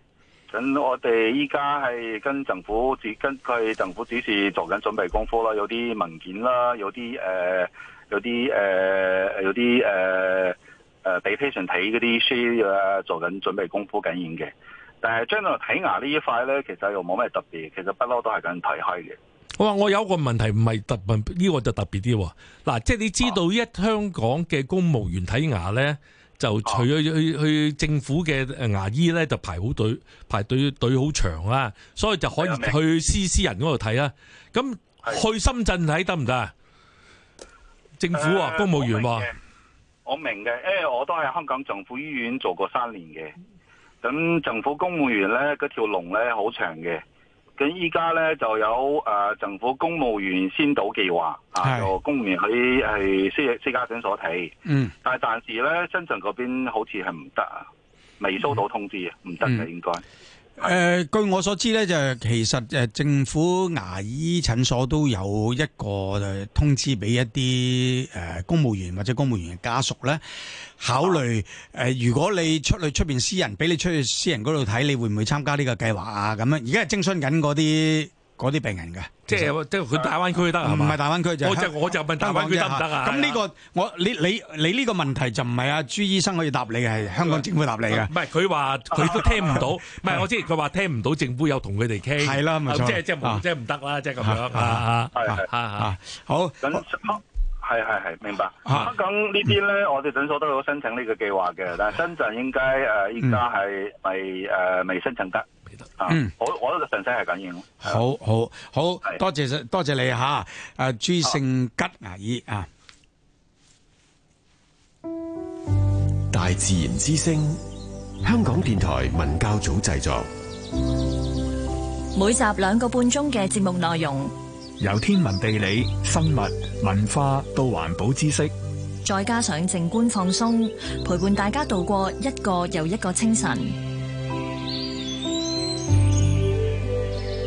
咁我哋依家係跟政府，只根據政府指示做緊準備功夫啦，有啲文件啦，有啲誒、呃，有啲誒、呃，有啲誒，誒、呃、俾、呃呃呃、patient 睇嗰啲書做緊準備功夫緊要嘅。但係將來睇牙一塊呢一塊咧，其實又冇咩特別，其實不嬲都係咁睇開嘅。我話、哦、我有一個問題唔係特別呢、呢個就特別啲嗱、啊，即係你知道、啊、一香港嘅公務員睇牙咧，就除咗去、啊、去，去政府嘅牙醫咧，就排好隊排隊隊好長啦，所以就可以去私私人嗰度睇啦。咁去深圳睇得唔得？政府、呃、公務員我明白，我明嘅，因為我都喺香港政府醫院做過三年嘅。咁政府公務員咧，嗰條龍咧好長嘅。咁依家咧就有誒、呃、政府公務員先導計劃啊，公務員喺係私私家診所睇，嗯，但係但時咧深圳嗰邊好似係唔得啊，未收到通知，唔得嘅應該。嗯誒、呃，據我所知呢就其實誒、呃，政府牙醫診所都有一個通知俾一啲誒、呃、公務員或者公務員嘅家屬呢考慮誒、呃，如果你出去出邊私人，俾你出去私人嗰度睇，你會唔會參加呢個計劃啊？咁樣而家係徵詢緊嗰啲。嗰啲病人嘅，即係即係佢大灣區得係嘛？唔係大灣區就我就問大灣區得唔得啊？咁呢個我你你你呢個問題就唔係阿朱醫生可以答你嘅，係香港政府答你嘅。唔係佢話佢都聽唔到，唔係我知佢話聽唔到政府有同佢哋傾。係啦，即係即係唔得啦，即係咁樣。係係係，好，咁，係係係，明白。香港呢邊咧，我哋診所都有申請呢個計劃嘅，但係深圳應該誒依家係咪誒未申請得？嗯，我我都嘅信息係咁樣。好好好，好，好多謝多謝你吓，誒朱勝吉牙醫啊！好啊大自然之聲，香港電台文教組製作，每集兩個半鐘嘅節目內容，由天文地理、生物、文化到環保知識，再加上靜觀放鬆，陪伴大家度過一個又一個清晨。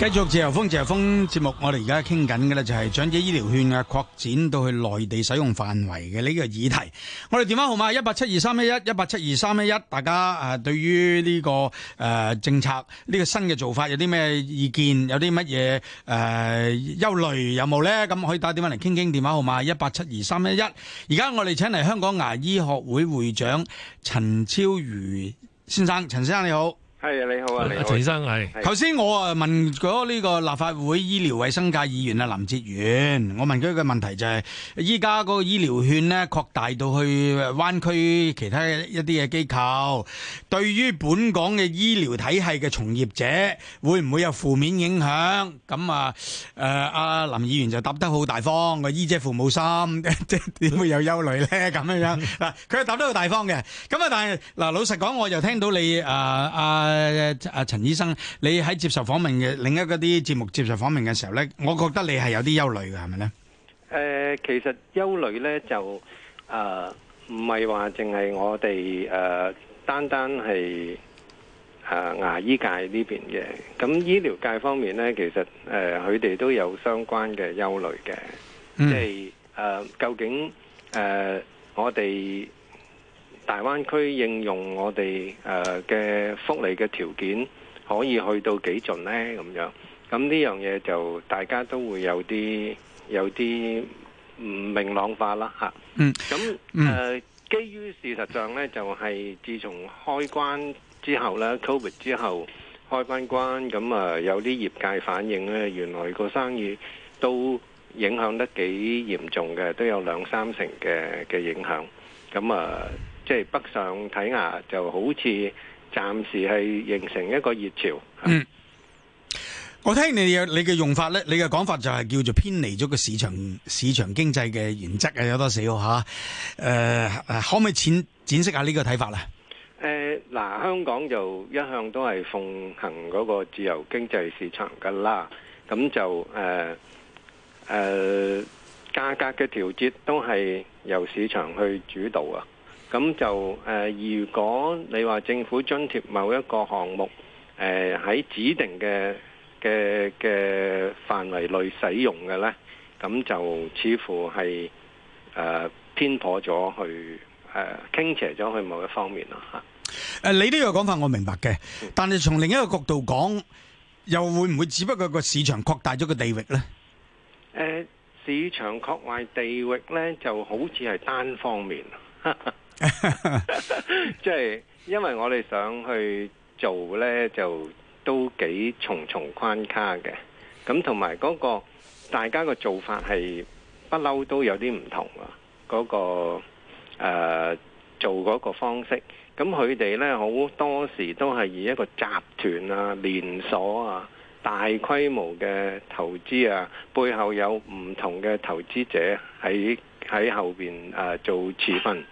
繼續自由風自由風節目，我哋而家傾緊嘅咧就係長者醫療券嘅擴展到去內地使用範圍嘅呢個議題。我哋電話號碼一八七二三一一一八七二三一一，1, 1, 大家誒、呃、對於呢、這個誒、呃、政策呢、這個新嘅做法有啲咩意見？有啲乜嘢誒憂慮有冇咧？咁可以打電話嚟傾傾。電話號碼一八七二三一一。而家我哋請嚟香港牙醫學會會長陳超余先生，陳先生你好。係啊，你好啊，陳生係。頭先我啊問咗呢個立法會醫療衛生界議員啊林哲玄，我問佢嘅問題就係，依家嗰個醫療券咧擴大到去灣區其他嘅一啲嘅機構，對於本港嘅醫療體系嘅從業者，會唔會有負面影響？咁啊誒，阿林議員就答得好大方，我醫者父母心，即係點會有憂慮咧？咁樣樣嗱，佢係答得好大方嘅。咁啊，但係嗱，老實講，我又聽到你誒阿。誒，阿陳醫生，你喺接受訪問嘅另一嗰啲節目接受訪問嘅時候呢，我覺得你係有啲憂慮嘅，係咪呢？誒，其實憂慮呢就誒，唔係話淨係我哋誒，單單係誒牙醫界呢邊嘅，咁醫療界方面呢，其實誒，佢哋都有相關嘅憂慮嘅，即係誒，究竟誒，我哋。大灣區應用我哋誒嘅福利嘅條件，可以去到幾盡呢？咁樣咁呢樣嘢就大家都會有啲有啲唔明朗化啦嚇。嗯，咁誒，基於事實上呢，就係自從開關之後呢，Covid 之後開返關，咁啊有啲業界反應呢，原來個生意都影響得幾嚴重嘅，都有兩三成嘅嘅影響，咁啊。即係北上睇牙，就好似暫時係形成一個熱潮。嗯，我聽你嘅你嘅用法咧，你嘅講法就係叫做偏離咗個市場市場經濟嘅原則啊，有多少吓？誒、呃，可唔可以展展示下個呢個睇法啊？誒，嗱，香港就一向都係奉行嗰個自由經濟市場噶啦，咁就誒誒，呃、呃、價格嘅調節都係由市場去主導啊。咁就誒，如果你話政府津貼某一個項目，誒喺指定嘅嘅嘅範圍內使用嘅呢，咁就似乎係誒偏頗咗去誒傾斜咗去某一方面啦嚇。誒，你呢個講法我明白嘅，但係從另一個角度講，又會唔會只不過個市場擴大咗個地域呢？誒，市場擴大地域呢，就好似係單方面。即係， 因為我哋想去做呢，就都幾重重關卡嘅。咁同埋嗰個大家嘅做法係不嬲，都有啲唔同啊。嗰、嗰個誒、呃、做嗰個方式，咁佢哋呢好多時都係以一個集團啊、連鎖啊、大規模嘅投資啊，背後有唔同嘅投資者喺喺後邊誒、呃、做持分。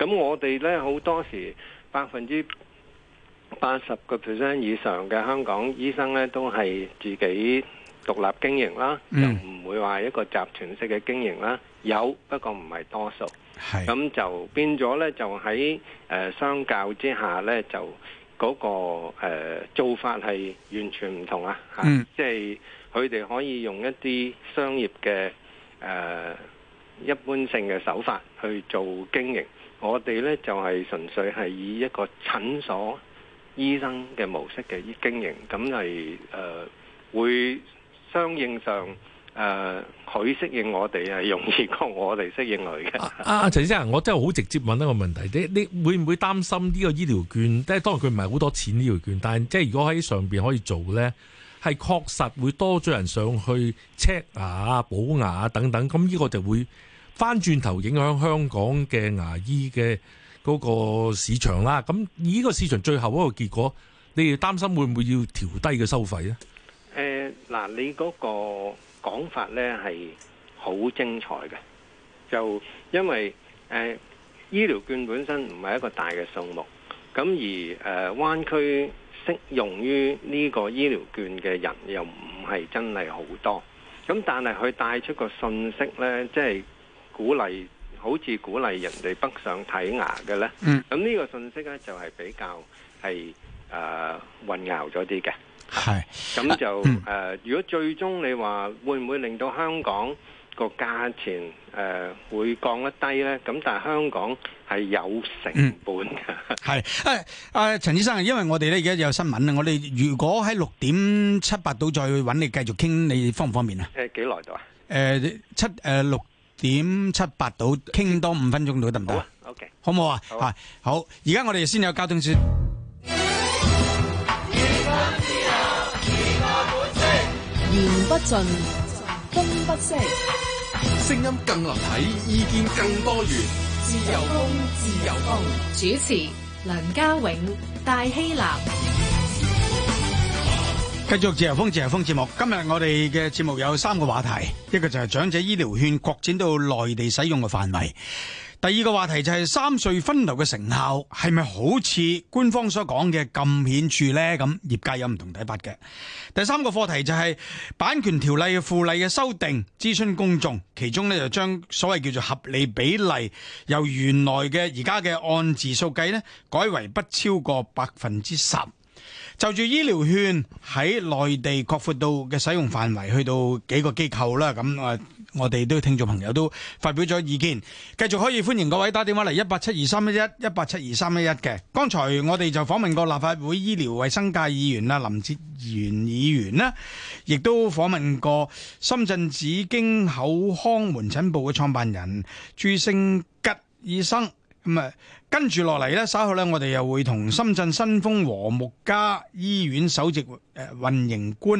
咁我哋咧好多時百分之八十個 percent 以上嘅香港醫生咧，都係自己獨立經營啦，嗯、就唔會話一個集團式嘅經營啦。有不過唔係多數，咁是就變咗咧，就喺誒、呃、相較之下咧，就嗰、那個、呃、做法係完全唔同啊！即係佢哋可以用一啲商業嘅、呃、一般性嘅手法去做經營。我哋呢就係純粹係以一個診所醫生嘅模式嘅經營，咁係誒會相應上誒佢、呃、適應我哋係容易過我哋適應佢嘅。阿、啊啊、陳先生，我真係好直接問一個問題，你你會唔會擔心呢個醫療券？即係當然佢唔係好多錢呢條券，但係即係如果喺上面可以做呢，係確實會多咗人上去 check 牙、補牙等等，咁呢個就會。翻轉頭影響香港嘅牙醫嘅嗰個市場啦，咁呢個市場最後嗰個結果，你哋擔心會唔會要調低嘅收費呢？誒嗱，你嗰個講法呢係好精彩嘅，就因為誒醫療券本身唔係一個大嘅數目，咁而誒灣區適用於呢個醫療券嘅人又唔係真係好多，咁但係佢帶出個信息呢，即係。鼓勵好似鼓勵人哋北上睇牙嘅咧，咁呢個信息咧就係比較係誒混淆咗啲嘅。係，咁就誒，如果最終你話會唔會令到香港個價錢誒會降得低咧？咁但係香港係有成本嘅。係誒誒，陳醫生，因為我哋咧而家有新聞啊，我哋如果喺六點七八度再搵你繼續傾，你方唔方便啊？誒幾耐度啊？誒七誒六。點七八度，傾多五分鐘到得唔得？好、啊，OK，好唔好？啊，好啊，啊？好，好，而家我哋先有交通說。自自言不盡，風不息，聲音更立體，意見更多元。自由風，自由風，主持梁家永、戴希立。繼續自由風自由風節目，今日我哋嘅節目有三個話題，一個就係長者醫療券擴展到內地使用嘅範圍；第二個話題就係三隧分流嘅成效係咪好似官方所講嘅咁顯著呢？咁業界有唔同睇法嘅。第三個課題就係、是、版權條例嘅附例嘅修訂，諮詢公眾，其中呢，就將所謂叫做合理比例，由原來嘅而家嘅按字數計呢，改為不超過百分之十。就住醫療券喺內地擴闊到嘅使用範圍，去到幾個機構啦。咁啊、呃，我哋都聽眾朋友都發表咗意見。繼續可以歡迎各位打電話嚟一八七二三一一一八七二三一一嘅。剛才我哋就訪問過立法會醫療衛生界議員啊林哲玄議員啦，亦都訪問過深圳紫荊口腔門診部嘅創辦人朱勝吉醫生。咁啊，跟住落嚟呢，稍後呢，我哋又會同深圳新豐和睦家醫院首席誒運營官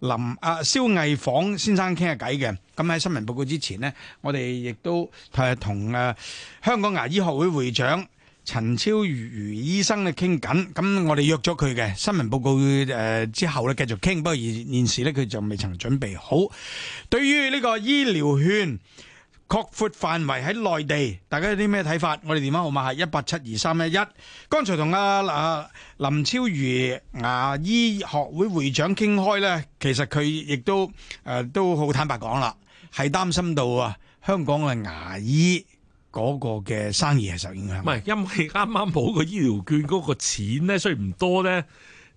林阿蕭毅晃先生傾下偈嘅。咁喺新聞報告之前呢，我哋亦都係同誒香港牙醫學會會長陳超余醫生傾傾緊。咁我哋約咗佢嘅新聞報告誒之後呢，繼續傾。不過現現時呢，佢就未曾準備好。對於呢個醫療券。擴闊範圍喺內地，大家有啲咩睇法？我哋電話號碼係一八七二三一一。剛才同阿阿陳超余牙醫學會會長傾開咧，其實佢亦都誒、呃、都好坦白講啦，係擔心到啊香港嘅牙醫嗰個嘅生意係受影響。唔係，因為啱啱好個醫療券嗰個錢咧，雖然唔多咧，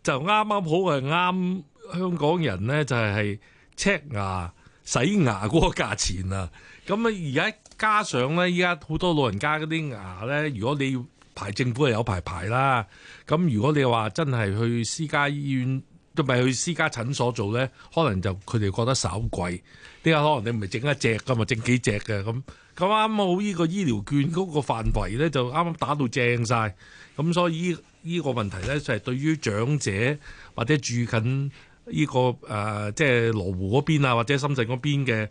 就啱啱好係啱香港人咧就係係 check 牙洗牙嗰個價錢啊。咁啊！而家加上咧，依家好多老人家嗰啲牙咧，如果你排政府係有排排啦。咁如果你話真係去私家醫院，都唔係去私家診所做咧，可能就佢哋覺得稍貴。點解可能你唔係整一隻噶嘛，整幾隻嘅咁？咁啱好呢個醫療券嗰個範圍咧，就啱啱打到正晒。咁所以呢個問題咧，就係對於長者或者住近。呢、這個誒、呃、即係羅湖嗰邊啊，或者深圳那邊邊嘅，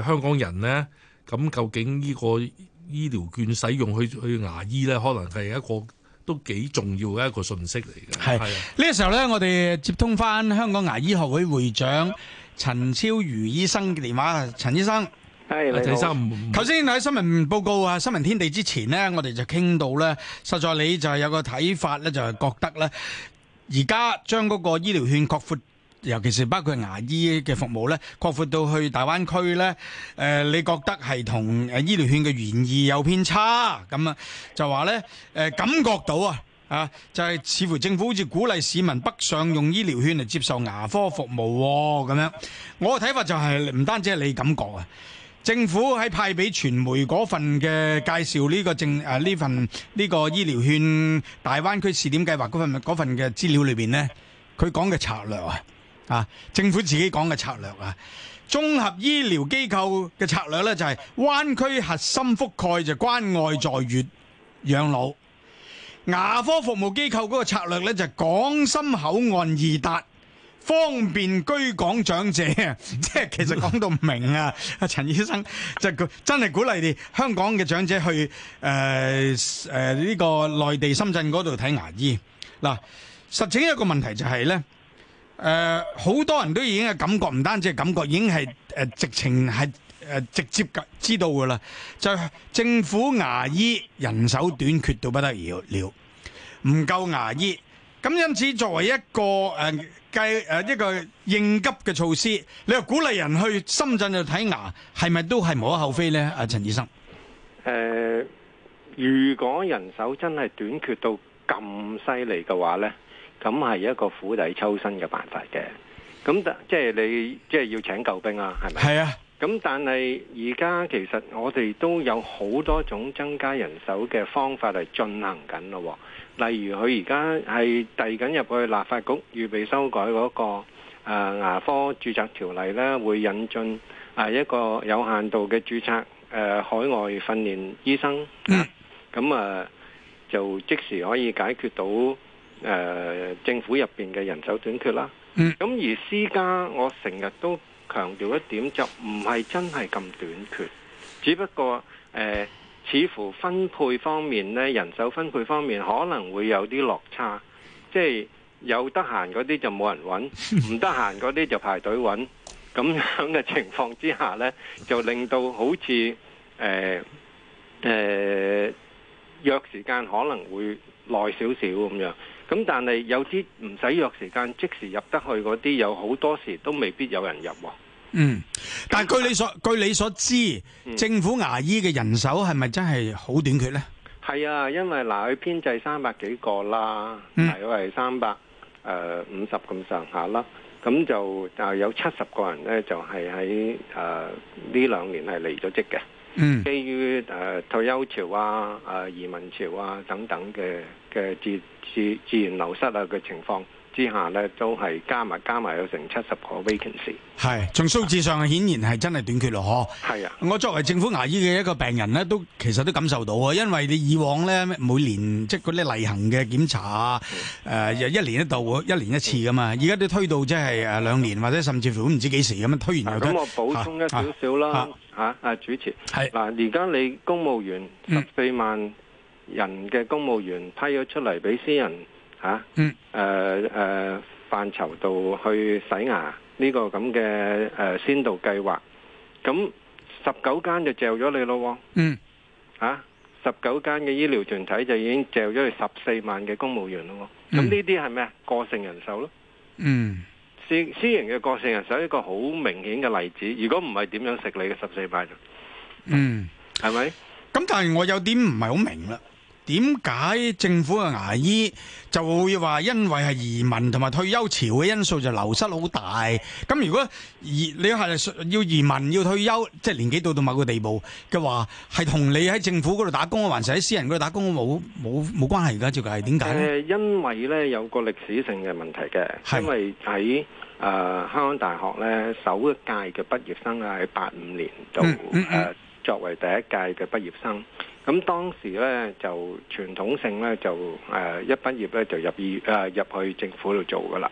誒香港人咧，咁究竟呢個醫療券使用去去牙醫咧，可能係一個都幾重要嘅一個信息，嚟嘅。係啊是，呢的個時候咧，我哋接通翻香港牙醫學會會長陳超余醫生嘅電話，陳醫生，係你好陳醫生，頭先喺新聞報告啊，新聞天地之前咧，我哋就傾到咧，實在你就係有個睇法咧，就係覺得咧，而家將嗰個醫療券擴闊，尤其是包括牙醫嘅服務呢，擴闊到去大灣區呢，誒，你覺得係同誒醫療券嘅原意有偏差咁啊？就話呢，誒感覺到啊，啊，就係似乎政府好似鼓勵市民北上用醫療券嚟接受牙科服務咁樣。我嘅睇法就係唔單止係你感覺啊，政府喺派俾傳媒嗰份嘅介紹呢個政誒呢份呢個醫療券大灣區試點計劃嗰份嗰份嘅資料裏邊呢，佢講嘅策略啊～啊！政府自己講嘅策略啊，綜合醫療機構嘅策略呢就係灣區核心覆蓋就是，關愛在粵養老，牙科服務機構嗰個策略呢就係、是、港深口岸易達，方便居港長者 啊！即係其實講到唔明啊，阿陳醫生就真係鼓勵你香港嘅長者去誒誒呢個內地深圳嗰度睇牙醫。嗱、啊，實情一個問題就係呢誒，好多人都已經係感覺唔單止係感覺，已經係誒直情係誒直接嘅知道噶啦。就係政府牙醫人手短缺到不得了了，唔夠牙醫。咁因此，作為一個誒計誒一個應急嘅措施，你又鼓勵人去深圳去睇牙，係咪都係無可厚非咧？阿陳醫生，誒，如果人手真係短缺到咁犀利嘅話咧？咁係一個釜底抽薪嘅辦法嘅，咁即係你即係要請救兵呀，係咪？係啊，咁、啊、但係而家其實我哋都有好多種增加人手嘅方法嚟進行緊咯，例如佢而家係遞緊入去立法局預備修改嗰、那個、呃、牙科註冊條例咧，會引進一個有限度嘅註冊海外訓練醫生，咁啊、嗯嗯呃、就即時可以解決到。誒、呃、政府入面嘅人手短缺啦，咁、嗯、而私家我成日都強調一點，就唔係真係咁短缺，只不過誒、呃、似乎分配方面咧，人手分配方面可能會有啲落差，即、就、係、是、有得閒嗰啲就冇人揾，唔得閒嗰啲就排隊揾，咁樣嘅情況之下咧，就令到好似誒誒約時間可能會耐少少咁樣。咁但係有啲唔使約時間即時入得去嗰啲，有好多時都未必有人入喎、啊。嗯，但係據你所據你所知，嗯、政府牙醫嘅人手係咪真係好短缺呢？係啊，因為嗱，佢、呃、編制三百幾個啦，大約係三百五十咁上下啦，咁就有七十個人呢，就係喺呢兩年係離咗職嘅。嗯，基於誒、呃、退休潮啊、誒、呃、移民潮啊等等嘅嘅自自自然流失啊嘅情況之下咧，都係加埋加埋有成七十個 vacancy。係，從數字上係顯然係真係短缺咯，嗬。係啊，我作為政府牙醫嘅一個病人咧，都其實都感受到啊，因為你以往咧每年即係嗰啲例行嘅檢查啊，誒、嗯呃、一年一度，一年一次噶嘛。而家、嗯、都推到即係誒兩年，或者甚至乎都唔知幾時咁樣推完、就係。咁我補充一少少啦，嚇啊，主持。係嗱是，而家、啊、你公務員十四萬人嘅公務員批咗出嚟俾私人。吓，誒誒範疇度去洗牙呢個咁嘅誒先導計劃，咁十九間就召咗你咯，嗯，吓、啊，十九間嘅醫療團體就已經召咗你十四萬嘅公務員咯，咁呢啲係咩？啊？個性人壽咯，嗯，私私營嘅個性人壽一個好明顯嘅例子，如果唔係點樣食你嘅十四萬？嗯，係咪吧？咁但係我有啲唔係好明啦。點解政府嘅牙醫就會話因為係移民同埋退休潮嘅因素就流失好大？咁如果移你係要移民要退休，即係年紀到到某個地步嘅話，係同你喺政府嗰度打工啊，還是喺私人嗰度打工冇冇冇關係㗎？究竟係點解咧？因為呢，有個歷史性嘅問題嘅，是因為喺誒香港大學呢，首一屆嘅畢業生係八五年度誒。嗯嗯嗯。作為第一屆嘅畢業生，咁當時咧就傳統性咧就誒、呃、一畢業咧就入醫誒、呃、入去政府度做噶啦。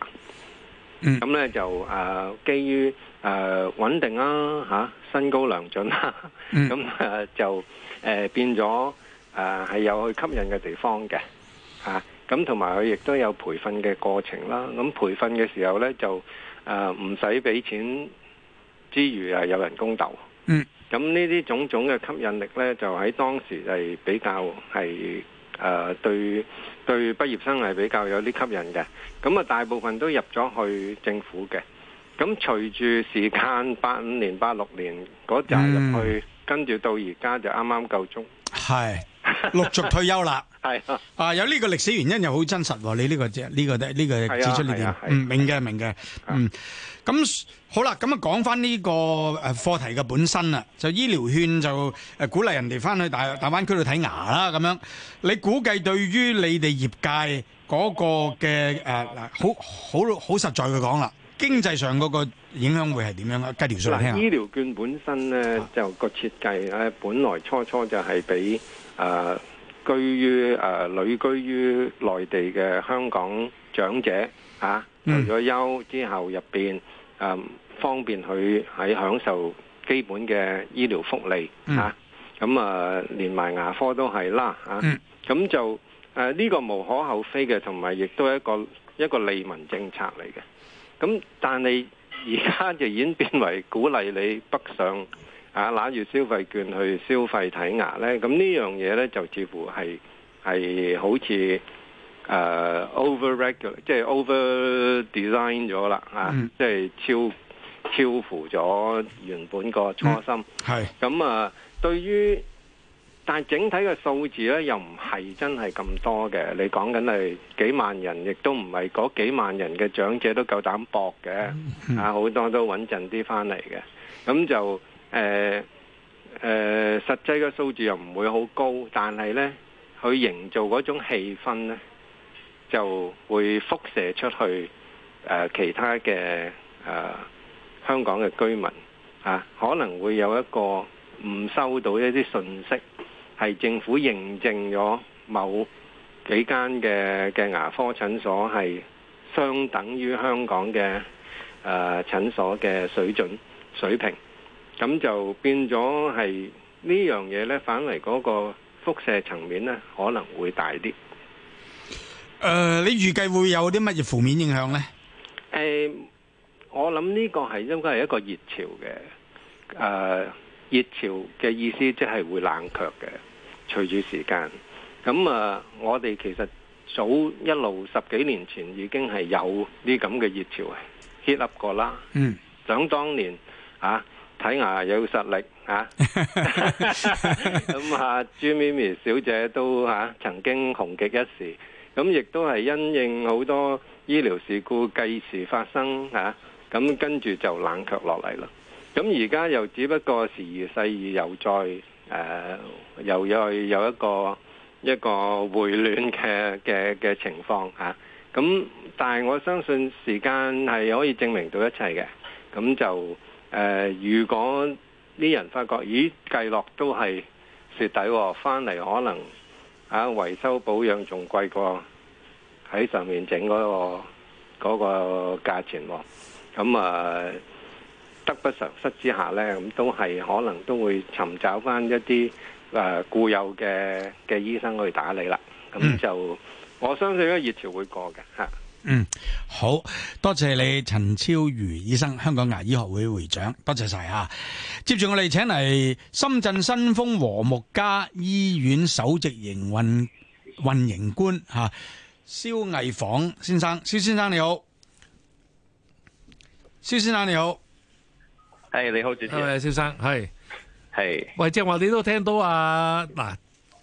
嗯，咁咧就誒、呃、基於誒、呃、穩定啦、啊，嚇、啊，身高良準啦、啊。咁誒、嗯啊、就誒、呃、變咗誒係有去吸引嘅地方嘅嚇。咁同埋佢亦都有培訓嘅過程啦、啊。咁培訓嘅時候咧就誒唔使俾錢之餘係有人工酬。嗯。咁呢啲種種嘅吸引力呢，就喺當時係比較係誒、呃、對對畢業生係比較有啲吸引嘅。咁啊，大部分都入咗去政府嘅。咁隨住時間，八五年、八六年嗰陣入去，嗯、跟住到而家就啱啱夠鐘，係陸續退休啦。 係啊，有呢個歷史原因又好真實，你呢、這個即呢、這個呢、這個這個指出呢點，嗯，明嘅明嘅，嗯，咁好啦，咁啊講翻呢個誒課題嘅本身啦，就醫療券就誒鼓勵人哋翻去大大灣區度睇牙啦，咁樣，你估計對於你哋業界嗰個嘅誒、呃，好好好實在嘅講啦，經濟上嗰個影響會係點樣咧？計條數聽。醫療券本身咧就個設計咧本來初初就係俾誒。呃居於誒旅、呃、居於內地嘅香港長者嚇退咗休之後入邊誒方便佢喺享受基本嘅醫療福利嚇，咁啊，mm. 啊連埋牙科都係啦嚇，咁、啊 mm. 就誒呢、呃呢個無可厚非嘅，同埋亦都係一個一個利民政策嚟嘅。咁但係而家就已經變為鼓勵你北上。啊！攞住消費券去消費睇牙咧，咁呢樣嘢咧就似乎係係好似誒 overrate 咗，即係 overdesign 咗啦嚇，即係超超乎咗原本個初心。係咁啊！對於但係整體嘅數字咧，又唔係真係咁多嘅。你講緊係幾萬人，亦都唔係嗰幾萬人嘅長者都夠膽搏嘅。啊，好多都穩陣啲翻嚟嘅，咁就。誒誒、呃呃，實際嘅數字又唔會好高，但係呢，佢營造嗰種氣氛呢，就會輻射出去誒、呃、其他嘅誒、呃、香港嘅居民啊，可能會有一個唔收到一啲信息，係政府認證咗某幾間嘅嘅牙科診所係相等於香港嘅誒、呃、診所嘅水準水平。咁就變咗係呢樣嘢呢，反為嗰個輻射層面呢，可能會大啲。誒，你預計會有啲乜嘢負面影響呢？誒，我諗呢個係應該係一個熱潮嘅。誒，熱潮嘅意思即係會冷卻嘅，隨住時間。咁啊，我哋其實早一路十幾年前已經係有啲咁嘅熱潮啊，hit up 過啦。嗯，想當年啊！睇牙有實力嚇，咁啊朱咪咪小姐都嚇、啊、曾經紅極一時，咁亦都係因應好多醫療事故計時發生嚇，咁、啊、跟住就冷卻落嚟啦。咁而家又只不過時移世易又再誒、啊，又又有，有一個一個回暖嘅嘅嘅情況嚇。咁、啊、但係我相信時間係可以證明到一切嘅，咁就。誒、呃，如果啲人發覺，咦計落都係蝕底喎，翻嚟可能啊維修保養仲貴過喺上面整嗰、嗰個嗰個價錢喎，咁啊得不償失之下呢，咁都係可能都會尋找翻一啲誒、啊、固有嘅嘅醫生去打理啦，咁就、嗯、我相信呢熱潮會過嘅吓。嗯，好多謝你，陳超余醫生，香港牙醫學會會長，多謝晒啊！接住我哋請嚟深圳新風和睦家醫院首席營運運營官吓，蕭毅晃先生，蕭先生你好，蕭先生你好，係、hey, 你好主持人，蕭生係係，喂，正話是你都聽到啊，嗱。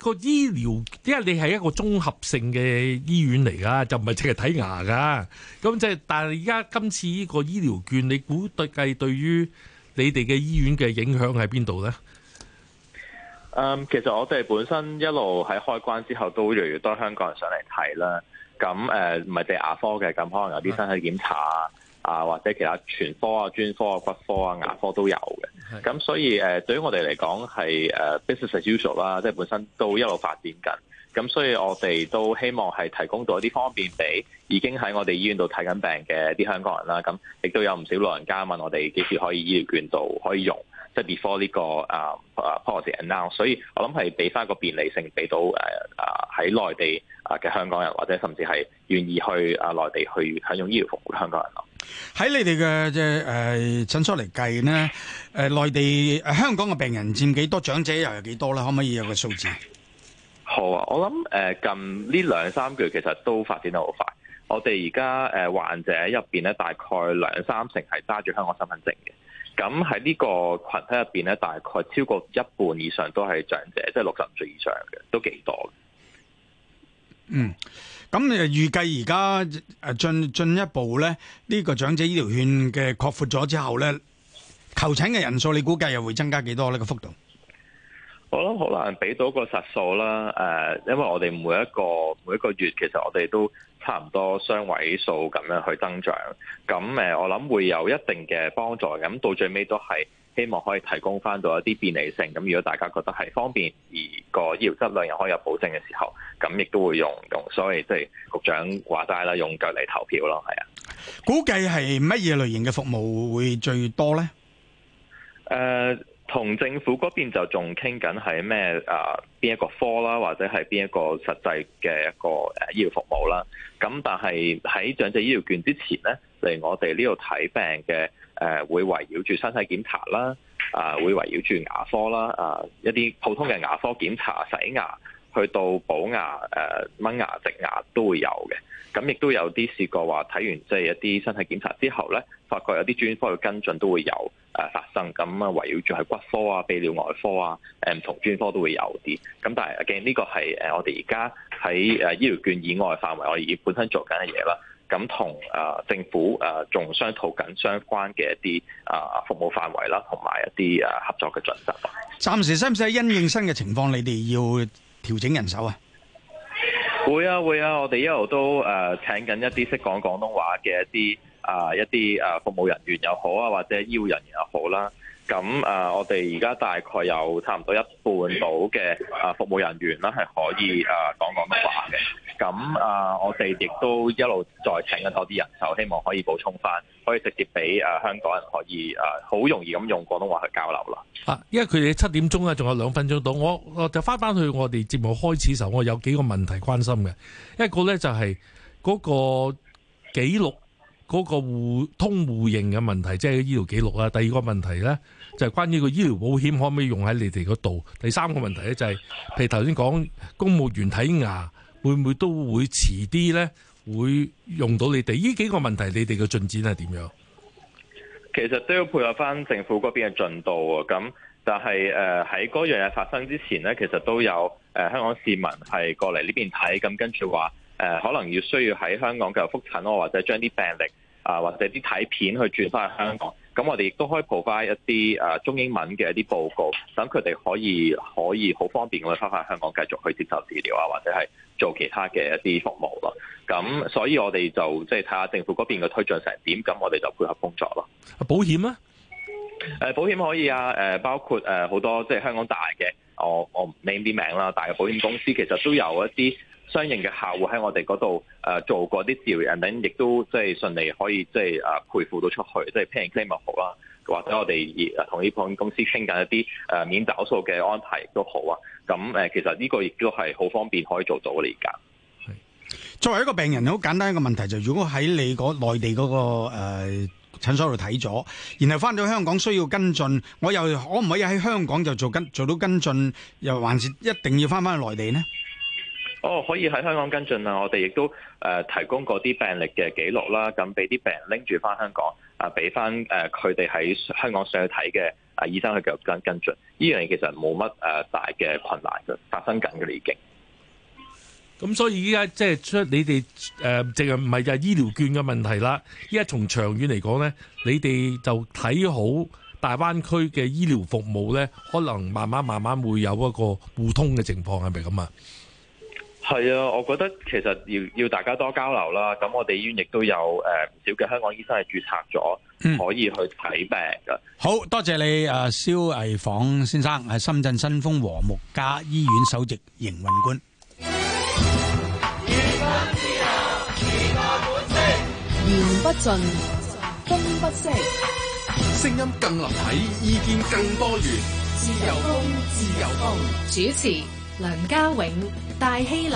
個醫療，因為你係一個綜合性嘅醫院嚟㗎，就唔係凈係睇牙㗎。咁即係，但係而家今次呢個醫療券，你估對計對於你哋嘅醫院嘅影響喺邊度呢？誒、嗯，其實我哋本身一路喺開關之後，都越嚟越多香港人上嚟睇啦。咁誒，唔係淨係牙科嘅，咁可能有啲身體檢查啊。嗯啊，或者其他全科啊、專科啊、骨科啊、牙科都有嘅，咁所以誒，對於我哋嚟講係誒 business as usual 啦，即係本身都一路發展緊，咁所以我哋都希望係提供到一啲方便俾已經喺我哋醫院度睇緊病嘅啲香港人啦，咁亦都有唔少老人家問我哋幾時可以醫療券度可以用。即係 before 呢個啊啊 policy announce 所以我諗係俾翻個便利性，俾到誒啊喺內地啊嘅香港人，或者甚至係願意去啊內地去享用醫療服務嘅香港人咯。喺你哋嘅即係誒診所嚟計呢，誒、呃、內地、呃、香港嘅病人佔幾多，長者又有幾多咧？可唔可以有個數字？好啊，我諗誒、呃、近呢兩三個月其實都發展得好快。我哋而家誒患者入面咧，大概兩三成係揸住香港身份證嘅。咁喺呢個群體入邊咧，大概超過一半以上都係長者，即係六十歲以上嘅，都幾多嘅。嗯，咁你，預計而家誒進進一步咧，呢、這個長者醫療券嘅擴闊咗之後咧，求診嘅人數你估計又會增加幾多呢、這個幅度？我諗好難俾到個實數啦，誒、呃，因為我哋每一個每一個月，其實我哋都。差唔多雙位數咁樣去增長，咁誒我諗會有一定嘅幫助，咁到最尾都係希望可以提供翻到一啲便利性。咁如果大家覺得係方便而個醫療質量又可以有保證嘅時候，咁亦都會用用，所以即係局長話齋啦，用腳嚟投票咯，係啊。估計係乜嘢類型嘅服務會最多呢？誒。Uh, 同政府嗰邊就仲傾緊係咩？誒、呃、邊一個科啦，或者係邊一個實際嘅一個醫療服務啦。咁但係喺長者醫療券之前呢，嚟我哋呢度睇病嘅誒、呃，會圍繞住身體檢查啦，啊、呃、會圍繞住牙科啦，啊、呃、一啲普通嘅牙科檢查、洗牙。去到補牙、誒掹牙、植牙都會有嘅，咁亦都有啲試過話睇完即係一啲身體檢查之後咧，發覺有啲專科嘅跟進都會有誒、呃、發生，咁啊圍繞住係骨科啊、泌尿外科啊、誒唔同專科都會有啲，咁但係既然呢個係誒我哋而家喺誒醫療券以外範圍，我哋本身做緊嘅嘢啦，咁同誒政府誒仲商討緊相關嘅一啲啊服務範圍啦，同埋一啲誒合作嘅準則。暫時使唔使因應新嘅情況，你哋要？調整人手啊！會啊會啊！我哋一路都誒、uh, 請緊一啲識講廣東話嘅一啲啊、uh, 一啲誒服務人員又好啊，或者醫護人員又好啦。咁啊，我哋而家大概有差唔多一半到嘅服務人員啦，係可以啊講廣東話嘅。咁啊，我哋亦都一路再請緊多啲人手，希望可以補充翻，可以直接俾啊香港人可以啊好容易咁用廣東話去交流啦。啊，因為佢哋七點鐘啊，仲有兩分鐘到，我我就翻返去我哋節目開始時候，我有幾個問題關心嘅。一個咧就係嗰個紀錄。嗰個互通互認嘅問題，即係醫療記錄呀。第二個問題呢，就係關於個醫療保險可唔可以用喺你哋嗰度。第三個問題呢，就係譬如頭先講公務員睇牙，會唔會都會遲啲呢，會用到你哋？呢幾個問題，你哋嘅進展係點樣？其實都要配合翻政府嗰邊嘅進度啊。咁就係誒喺嗰樣嘢發生之前呢，其實都有誒香港市民係過嚟呢邊睇，咁跟住話。誒、呃、可能要需要喺香港繼續覆診咯，或者將啲病歷啊、呃、或者啲睇片去轉翻去香港，咁我哋亦都可以 provide 一啲誒、呃、中英文嘅一啲報告，等佢哋可以可以好方便咁返返香港繼續去接受治療啊，或者係做其他嘅一啲服務咯。咁所以我哋就即係睇下政府嗰邊嘅推進成點，咁我哋就配合工作咯。保險啊？誒、呃、保險可以啊。誒、呃、包括誒好、呃、多即係、呃、香港大嘅，我我唔拎啲名啦，但係保險公司其實都有一啲。相應嘅客戶喺我哋嗰度誒做過啲治療人等，亦都即係順利可以即係誒賠付到出去，即係 pay claim 好啦，或者我哋同啲保險公司傾緊一啲誒免賠數嘅安排都好啊。咁誒，其實呢個亦都係好方便可以做到嘅嚟噶。作為一個病人，好簡單一個問題就係，如果喺你嗰內地嗰個誒診所度睇咗，然後翻到香港需要跟進，我又可唔可以喺香港就做跟做到跟進，又還是一定要翻翻去內地呢？哦，可以喺香港跟進啦。我哋亦都誒提供嗰啲病歷嘅記錄啦，咁俾啲病人拎住翻香港，啊俾翻誒佢哋喺香港上去睇嘅啊醫生去繼續跟跟進。依樣嘢其實冇乜誒大嘅困難嘅，發生緊嘅啦已經。咁所以依家即係出你哋誒，淨係唔係就係醫療券嘅問題啦？依家從長遠嚟講呢，你哋就睇好大灣區嘅醫療服務呢，可能慢慢慢慢會有一個互通嘅情況，係咪咁啊？係啊，我覺得其實要要大家多交流啦。咁我哋醫院亦都有誒唔少嘅香港醫生係注冊咗，嗯、可以去睇病嘅。好多謝你誒，蕭毅晃先生係深圳新風和睦家醫院首席營運官。言不盡，風不息，聲音更立體，意見更多元。自由風，自由風，主持。梁家永、戴希立、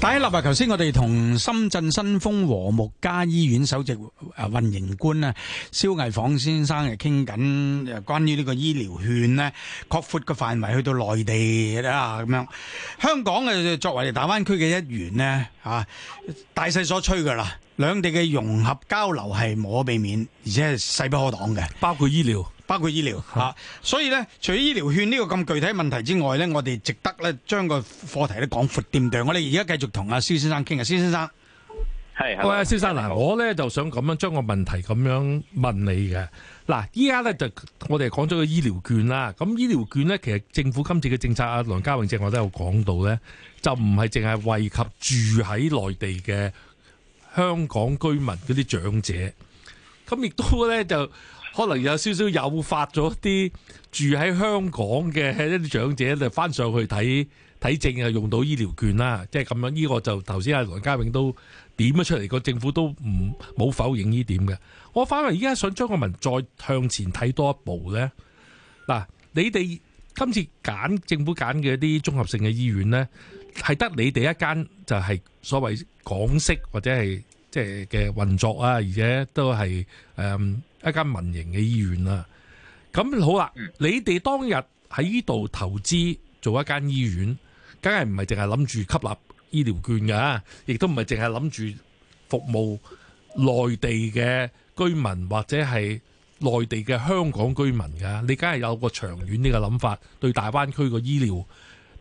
戴希立，啊！頭先我哋同深圳新風和睦家醫院首席啊運營官啊蕭毅晃先生係傾緊，關於呢個醫療券呢擴闊嘅範圍去到內地啊咁樣。香港嘅作為大灣區嘅一員呢、啊、大勢所趨噶啦，兩地嘅融合交流係冇可避免，而且係勢不可擋嘅，包括醫療。包括醫療嚇、 啊，所以咧，除咗醫療券呢個咁具體嘅問題之外咧，我哋值得咧將個課題咧講闊掂量。我哋而家繼續同阿蕭先生傾啊，蕭先生，係 Hey, hello. 喂，蕭先生嗱，我咧就想咁樣將個問題咁樣問你嘅嗱，依家咧就我哋講咗個醫療券啦。咁醫療券咧，其實政府今次嘅政策，阿、啊、梁家榮正我都有講到咧，就唔係淨係惠及住喺內地嘅香港居民嗰啲長者，咁亦都咧就。可能有少少誘發咗啲住喺香港嘅一啲長者，就翻上去睇睇症啊，用到醫療券啦。即係咁樣，呢個就頭先阿梁家永都點咗出嚟，個政府都唔冇否認呢點嘅。我反而而家想張國民再向前睇多一步咧。嗱，你哋今次揀政府揀嘅一啲綜合性嘅醫院咧，係得你哋一間就係所謂港式或者係即係嘅運作啊，而且都係誒。一間民營嘅醫院啦，咁好啦。你哋當日喺呢度投資做一間醫院，梗係唔係淨係諗住吸納醫療券㗎，亦都唔係淨係諗住服務內地嘅居民或者係內地嘅香港居民㗎。你梗係有個長遠呢個諗法，對大灣區個醫療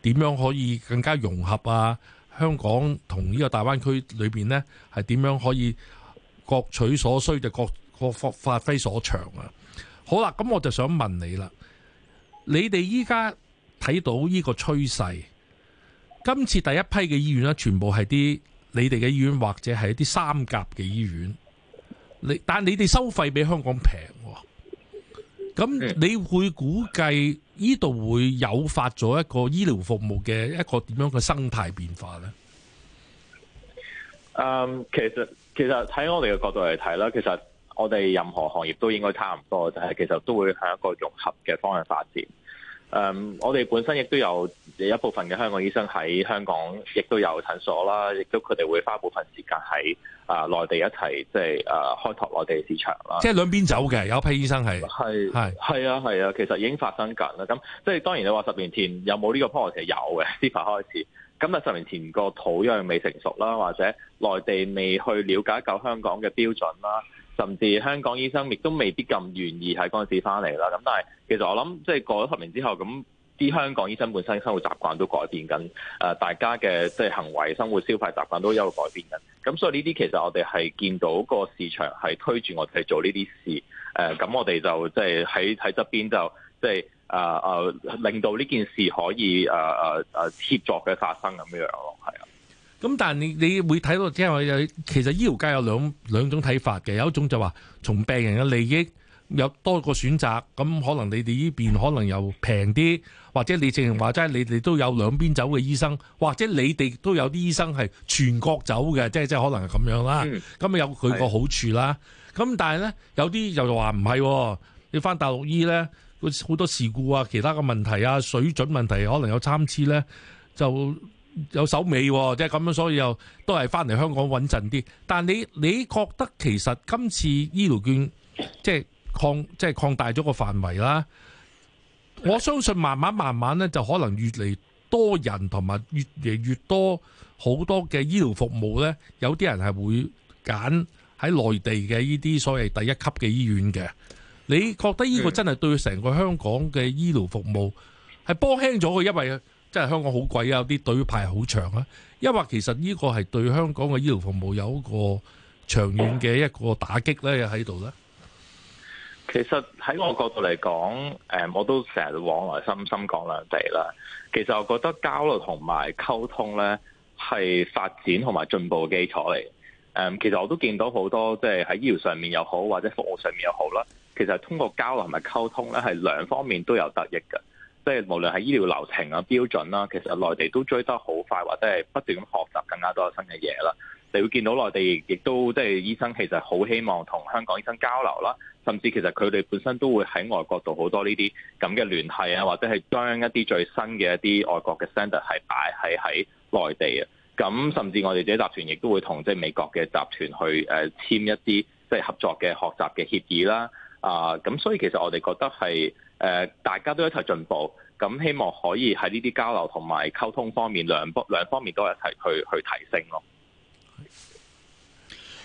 點樣可以更加融合啊？香港同呢個大灣區裏邊呢，係點樣可以各取所需就各個發揮所長啊！好啦，咁我就想問你啦，你哋依家睇到呢個趨勢，今次第一批嘅醫院呢，全部係啲你哋嘅醫院，或者係一啲三甲嘅醫院。你但你哋收費比香港平，咁你會估計呢度會誘發咗一個醫療服務嘅一個點樣嘅生態變化呢？誒，其實其實喺我哋嘅角度嚟睇啦，其實。其實我哋任何行業都應該差唔多，但、就、係、是、其實都會向一個融合嘅方向發展。誒、um，我哋本身亦都有一部分嘅香港醫生喺香港，亦都有診所啦，亦都佢哋會花部分時間喺啊內地一齊，即係誒、呃、開拓內地市場啦。即係兩邊走嘅，是有一批醫生係係係係啊係啊，其實已經發生緊啦。咁即係當然你話十年前有冇呢個 project 有嘅，先法開始。咁啊十年前個土壤未成熟啦，或者內地未去了解夠香港嘅標準啦。甚至香港醫生亦都未必咁願意喺嗰陣時翻嚟啦。咁但係其實我諗，即係過咗十年之後，咁啲香港醫生本身生活習慣都改變緊，誒、呃，大家嘅即係行為、生活消費習慣都有改變緊。咁所以呢啲其實我哋係見到個市場係推住我哋去做呢啲事。誒、呃，咁我哋就即係喺喺側邊就即係啊啊，令到呢件事可以誒誒誒協助嘅發生咁樣樣咯，係啊。咁但係你你會睇到即係其實醫療界有兩兩種睇法嘅，有一種就話從病人嘅利益有多個選擇，咁可能你哋呢邊可能又平啲，或者你正話齋你哋都有兩邊走嘅醫生，或者你哋都有啲醫生係全國走嘅，即係即係可能係咁樣啦。咁有佢個好處啦。咁但係咧有啲又話唔係，你返大陸醫咧，好多事故啊，其他嘅問題啊，水準問題啊，可能有參差咧，就。有手尾即係咁樣，所以又都係翻嚟香港穩陣啲。但你你覺得其實今次醫療券即係擴即係擴大咗個範圍啦。我相信慢慢慢慢咧，就可能越嚟多人同埋越嚟越多好多嘅醫療服務呢，有啲人係會揀喺內地嘅呢啲所謂第一級嘅醫院嘅。你覺得呢個真係對成個香港嘅醫療服務係幫輕咗嘅，因為？即係香港好貴啊，啲隊排好長啊，因為其實呢個係對香港嘅醫療服務有一個長遠嘅一個打擊咧，喺度咧。其實喺我角度嚟講，誒，我都成日往來深深港兩地啦。其實我覺得交流同埋溝通咧，係發展同埋進步嘅基礎嚟。誒，其實我都見到好多即係喺醫療上面又好，或者服務上面又好啦。其實通過交流同埋溝通咧，係兩方面都有得益嘅。即係無論係醫療流程啊、標準啦、啊，其實內地都追得好快，或者係不斷咁學習更加多新嘅嘢啦。你會見到內地亦都即係醫生其實好希望同香港醫生交流啦，甚至其實佢哋本身都會喺外國度好多呢啲咁嘅聯繫啊，或者係將一啲最新嘅一啲外國嘅 centre 係擺係喺內地啊。咁甚至我哋自己的集團亦都會同即係美國嘅集團去誒、呃、簽一啲即係合作嘅學習嘅協議啦。啊、呃，咁所以其實我哋覺得係。誒、呃，大家都一齊進步，咁希望可以喺呢啲交流同埋溝通方面兩方兩方面都一齊去去提升咯。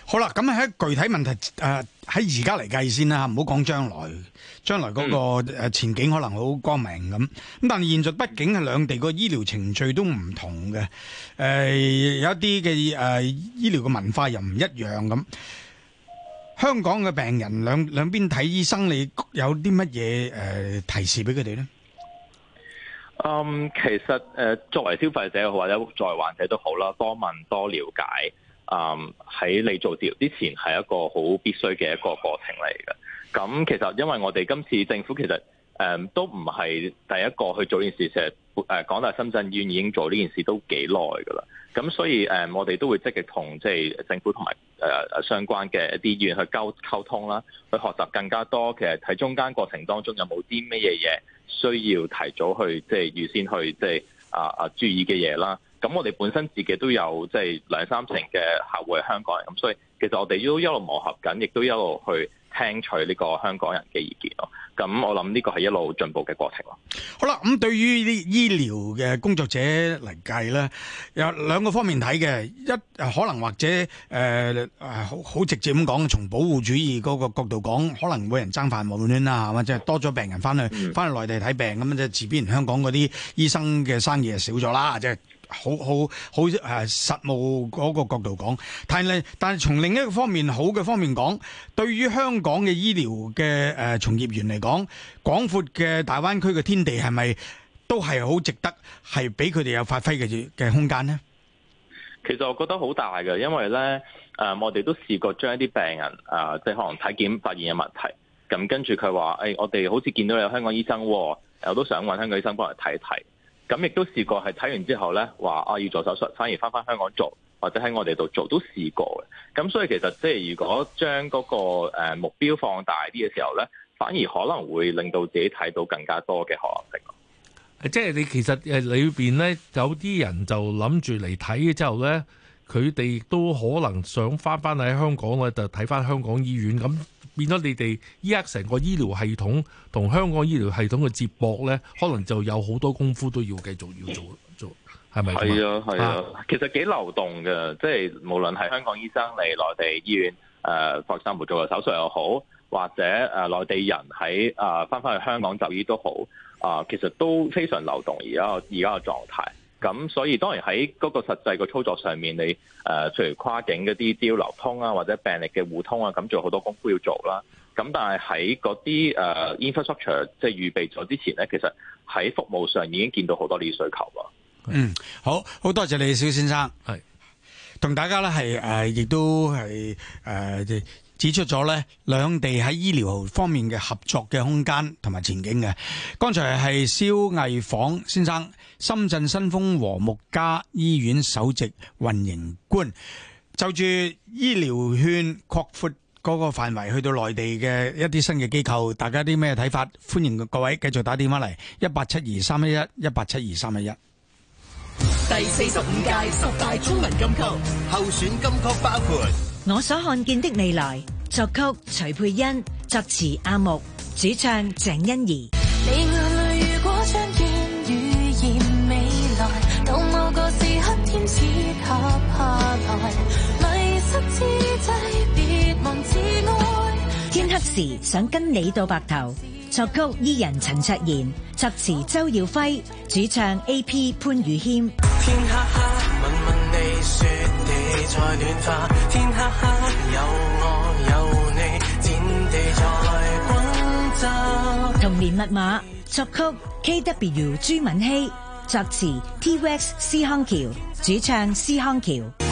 好啦，咁喺具體問題誒，喺而家嚟計先啦，唔好講將來，將來嗰個誒前景可能好光明咁。咁、嗯、但係現在畢竟係兩地個醫療程序都唔同嘅，誒、呃，有一啲嘅誒醫療嘅文化又唔一樣咁。香港嘅病人兩兩邊睇醫生，你有啲乜嘢誒提示俾佢哋咧？嗯，um, 其實誒、呃，作為消費者或者作為患者都好啦，多問多了解，嗯，喺你做治療之前係一個好必須嘅一個過程嚟嘅。咁其實因為我哋今次政府其實誒、呃、都唔係第一個去做呢件事，其、呃、誒，港大深圳醫院已經做呢件事都幾耐噶啦。咁所以誒、呃，我哋都會積極同即係政府同埋。誒相關嘅一啲醫院去溝溝通啦，去學習更加多，其實喺中間過程當中有冇啲咩嘢嘢需要提早去即係、就是、預先去即係、就是、啊啊注意嘅嘢啦。咁我哋本身自己都有即係、就是、兩三成嘅客戶係香港人，咁所以其實我哋都一路磨合緊，亦都一路去聽取呢個香港人嘅意見咯。咁我諗呢個係一路進步嘅過程咯。好啦，咁對於啲醫療嘅工作者嚟計咧，有兩個方面睇嘅。一可能或者誒好好直接咁講，從保護主義嗰個角度講，可能會人爭飯碗暖啦，或者多咗病人翻去翻去內地睇病，咁即係自然香港嗰啲醫生嘅生意就少咗啦，即係。好好好誒、呃，實務嗰個角度講，但係但係從另一個方面好嘅方面講，對於香港嘅醫療嘅誒從業員嚟講，廣闊嘅大灣區嘅天地係咪都係好值得係俾佢哋有發揮嘅嘅空間咧？其實我覺得好大嘅，因為咧誒、呃，我哋都試過將一啲病人啊、呃、即係可能體檢發現有問題，咁跟住佢話誒，我哋好似見到有香港醫生，我都想揾香港醫生幫佢睇一睇。咁亦都試過係睇完之後呢，話啊要做手術，反而返返香港做，或者喺我哋度做，都試過嘅。咁所以其實即係如果將嗰個誒目標放大啲嘅時候呢，反而可能會令到自己睇到更加多嘅可能性。即係你其實誒裏邊呢，有啲人就諗住嚟睇之後呢。佢哋都可能想翻翻喺香港咧，就睇翻香港醫院，咁變咗你哋依家成個醫療系統同香港醫療系統嘅接駁咧，可能就有好多功夫都要繼續要做做，係咪、嗯、啊？係啊，係啊，其實幾流動嘅，即係無論係香港醫生嚟內地醫院誒、呃，和睦家做個手術又好，或者誒、呃、內地人喺誒翻翻去香港就醫都好，啊、呃，其實都非常流動而家而家嘅狀態。咁所以當然喺嗰個實際嘅操作上面，你誒譬如跨境嗰啲交流通啊，或者病歷嘅互通啊，咁仲有好多功夫要做啦。咁但係喺嗰啲、呃、infrastructure 即係預備咗之前咧，其實喺服務上已經見到好多啲需求喎。是嗯，好，好多謝你，蕭先生，同是大家咧亦、呃、都係誒、呃、指出咗咧兩地喺醫療方面嘅合作嘅空間同埋前景嘅。剛才係蕭毅晃先生。深圳新風和睦家醫院首席運營官，就住醫療券擴闊嗰個範圍，去到內地嘅一啲新嘅機構，大家有啲咩睇法？歡迎各位繼續打電話嚟，一八七二三一一一八七二三一一。第四十五屆十大中文金曲候選金曲包括《我所看見的未來》，作曲徐佩欣，作詞阿木，主唱鄭欣宜。那時想跟你到白頭，作曲伊人陳卓賢，作詞周耀輝，主唱 A P 潘宇謙。天黑黑，問問你，雪地在暖化。天黑黑，有我有你，天地在廣袖。童年密碼，作曲 K W U 朱敏希，作詞 T X 施康橋，2，主唱施康橋。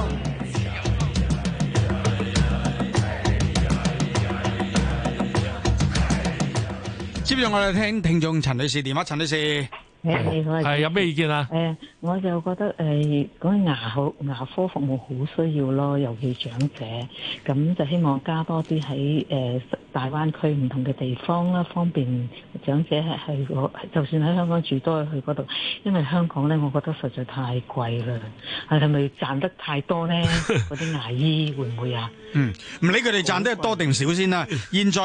接住我哋聽聽眾陳女士電話，陳女士。你係有咩意見啊？誒、呃，我就覺得誒，嗰牙好牙科服務好需要咯，尤其長者。咁就希望加多啲喺誒大灣區唔同嘅地方啦，方便長者係係就算喺香港住都去嗰度，因為香港咧，我覺得實在太貴啦。係咪賺得太多咧？嗰啲 牙醫會唔會啊？嗯，唔理佢哋賺得多定少先啦、啊。現在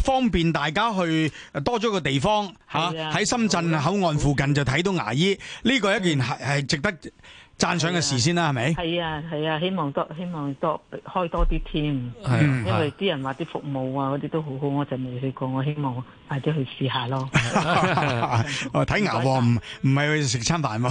方便大家去多咗個地方吓，喺、啊啊、深圳口岸附近。附近就睇到牙醫，呢個一件係係值得讚賞嘅事先啦，係咪？係啊係啊，希望多希望多開多啲添，嗯，因為啲人話啲服務啊嗰啲都好好，我就未去過，我希望，或者去試下咯！睇牙唔唔係去食餐飯喎，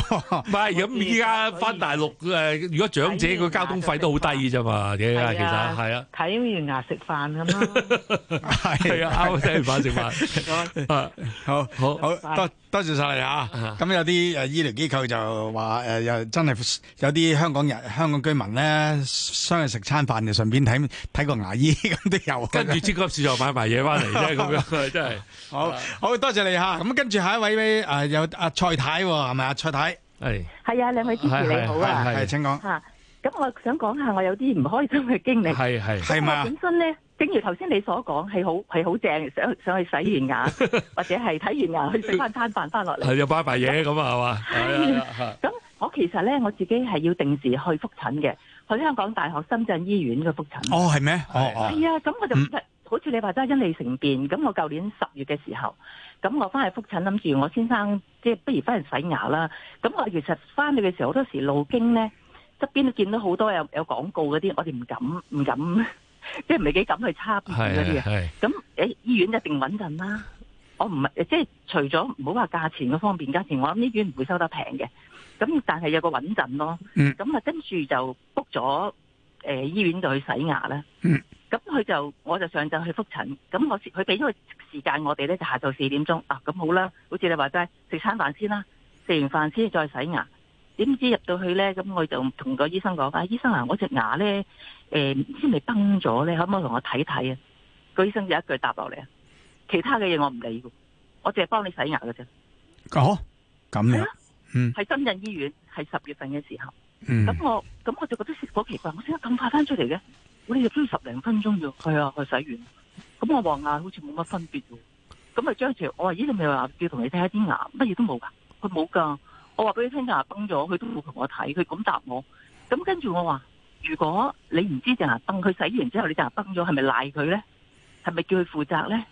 唔係咁，依家翻大陸誒，如果長者個交通費都好低啫嘛，其實係啊。睇完牙食飯咁咯。係啊，睇完牙食飯。好，好好，多多謝晒你嚇。咁有啲誒醫療機構就話誒，又真係有啲香港人、香港居民咧，想去食餐飯就順便睇睇個牙醫咁都有。跟住即刻試就買埋嘢翻嚟啫咁樣，真係。好好多謝你吓，咁跟住下一位誒，有阿蔡太係咪阿蔡太？係係啊，兩位主持你好啊，係請講吓。咁我想講下，我有啲唔開心嘅經歷。係係係嘛？本身咧，正如頭先你所講，係好係好正，想上去洗完牙，或者係睇完牙去食翻餐飯翻落嚟，又翻拜拜嘢咁啊，係嘛？係啊。咁我其實咧，我自己係要定時去複診嘅，去香港大學深圳醫院嘅複診。哦，係咩？哦，係啊。咁我就唔得。好似你話齋因利成便，咁我舊年十月嘅時候，咁我翻去復診，諗住我先生即係不如翻去洗牙啦。咁我其實翻去嘅時候，好多時路經咧側邊都見到好多有有廣告嗰啲，我哋唔敢唔敢，即係唔係幾敢去參與嗰啲啊。咁是醫院一定穩陣啦。我唔係即係除咗唔好話價錢嗰方面價錢，我諗醫院唔會收得平嘅。咁但係有個穩陣咯。咁啊跟住就 book 咗誒醫院度去洗牙啦。嗯。咁佢就我就上晝去復診，咁我佢俾咗個時間我哋咧，就下晝四點鐘。啊，咁好啦，好似你話齋，食餐飯先啦，食完飯先再洗牙。點知入到去咧，咁我就同個醫生講：，啊，醫生啊，我隻牙咧，誒、欸，先未崩咗咧，可唔可以同我睇睇啊？個醫生就一句答落嚟，啊，其他嘅嘢我唔理，我淨係幫你洗牙㗎啫。哦，咁樣，啊、嗯，係深圳醫院，係十月份嘅時候。嗯，咁我咁我就覺得好奇怪，我點解咁快翻出嚟嘅？我哋入都要十零分鐘要，係啊，佢洗完，咁我望下好似冇乜分別喎，咁啊張姐，我話咦你咪話叫同你睇下啲牙，乜嘢都冇噶，佢冇噶，我話俾你聽就係崩咗，佢都冇同我睇，佢咁答我，咁跟住我話，如果你唔知就係崩，佢洗完之後你就係崩咗，係咪賴佢咧？係咪叫佢負責咧？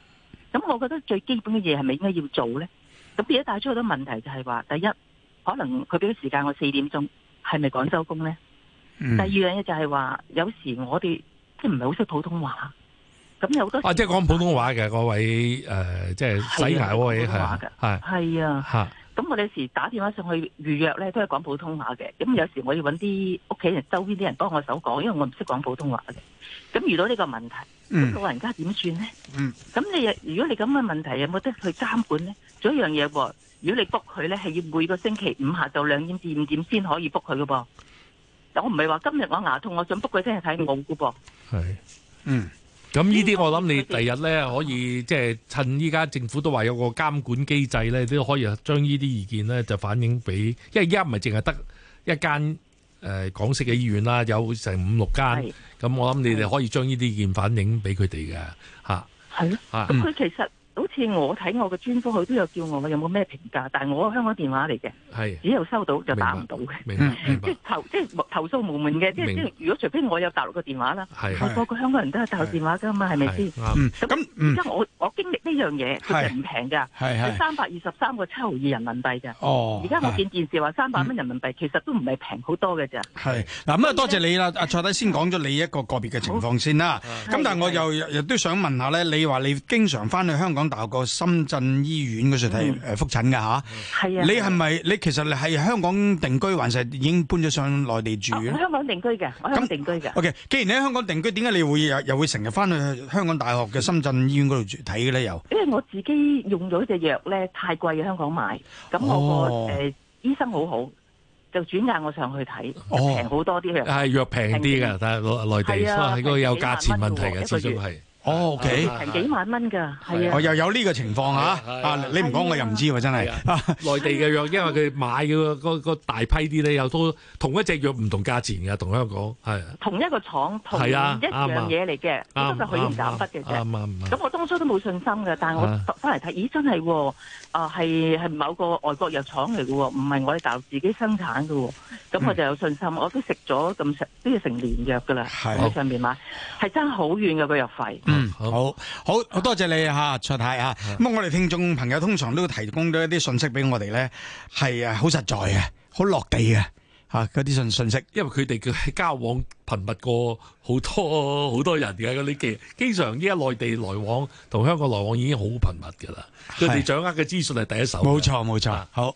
咁我覺得最基本嘅嘢係咪應該要做咧？咁而家帶出好多問題，就係話第一，可能佢俾咗時間我四點鐘，係咪趕收工咧？第二樣嘢就係話，有時我哋。即係唔係好識普通話，咁有好多時候啊！即係講普通話嘅嗰、啊、位誒、呃，即係洗牙嗰位係啊，係啊，咁我哋有時打電話上去預約咧，都係講普通話嘅。咁有時我要搵啲屋企人、周邊啲人幫我手講，因為我唔識講普通話嘅。咁遇到呢個問題，咁、嗯、老人家點算咧？咁、嗯、你如果你咁嘅問題有冇得去監管咧？仲有一樣嘢，如果你 book 佢咧，係要每個星期五下晝兩點至五點先可以 book 佢噶噃。我唔係話今日我牙痛，我想卜佢聽日睇我嘅噃。係是，嗯，咁呢啲我諗你第日咧可以即係、就是、趁依家政府都話有個監管機制咧，都可以將呢啲意見咧就反映俾，因為依家唔係淨係得一間誒、呃、港式嘅醫院啦，有成五六間，咁是我諗你哋可以將呢啲意見反映俾佢哋嘅嚇。係咯、啊，咁佢、嗯、其實似我睇我嘅專科，佢都有叫我，我有冇咩評價，但係我香港電話嚟嘅，只有收到就打唔到嘅。明白，即係投即係投訴無門嘅。即係即係如果除非我有大陸嘅電話啦，係個個香港人都有大陸電話㗎嘛，係咪先？咁而家我我經歷呢樣嘢，佢就唔平㗎，係係三百二十三個七毫二人民幣㗎。哦，而家我見電視話三百蚊人民幣，其實都唔係平好多㗎咋。係嗱，咁啊多謝你啦，阿蔡底先講咗你一個個別嘅情況先啦。咁但係我又亦都想問下咧，你話你經常翻去香港有個深圳醫院嗰處睇誒復診嘅吓，你係咪你其實係香港定居還是已經搬咗上內地住咧？我香港定居嘅，香港定居嘅。O K，既然你喺香港定居，點解你會又會成日翻去香港大學嘅深圳醫院嗰度住睇嘅咧？又因為我自己用咗隻藥咧太貴，香港買，咁我個誒醫生好好，就轉介我上去睇，平好多啲藥。係藥平啲嘅，但係內地係個有價錢問題嘅，始終係。哦，OK，成幾萬蚊噶，啊，又有呢個情況吓啊，你唔講我又唔知喎，真係，內地嘅藥因為佢買嘅個大批啲咧，有都同一隻藥唔同價錢嘅，同香港係，同一個廠同一樣嘢嚟嘅，都係佢用假筆嘅啫。啱啱，咁我當初都冇信心㗎，但係我返翻嚟睇，咦真係喎。啊，係係某個外國藥廠嚟嘅，哦，唔係我哋大陸自己生產嘅，哦，咁我就有信心，嗯，我都食咗咁成都要成年藥噶啦，喺上邊買，係爭好遠嘅個藥費。嗯，好好好多謝你啊，卓太啊。咁，啊，我哋聽眾朋友通常都提供咗一啲信息俾我哋咧，係啊好實在啊，好落地啊。吓嗰啲信信息，因為佢哋嘅交往頻密過好多好多人嘅嗰啲嘅，經常依家內地來往同香港來往已經好頻密㗎喇，佢哋是掌握嘅資訊係第一手。冇錯冇錯，錯是好。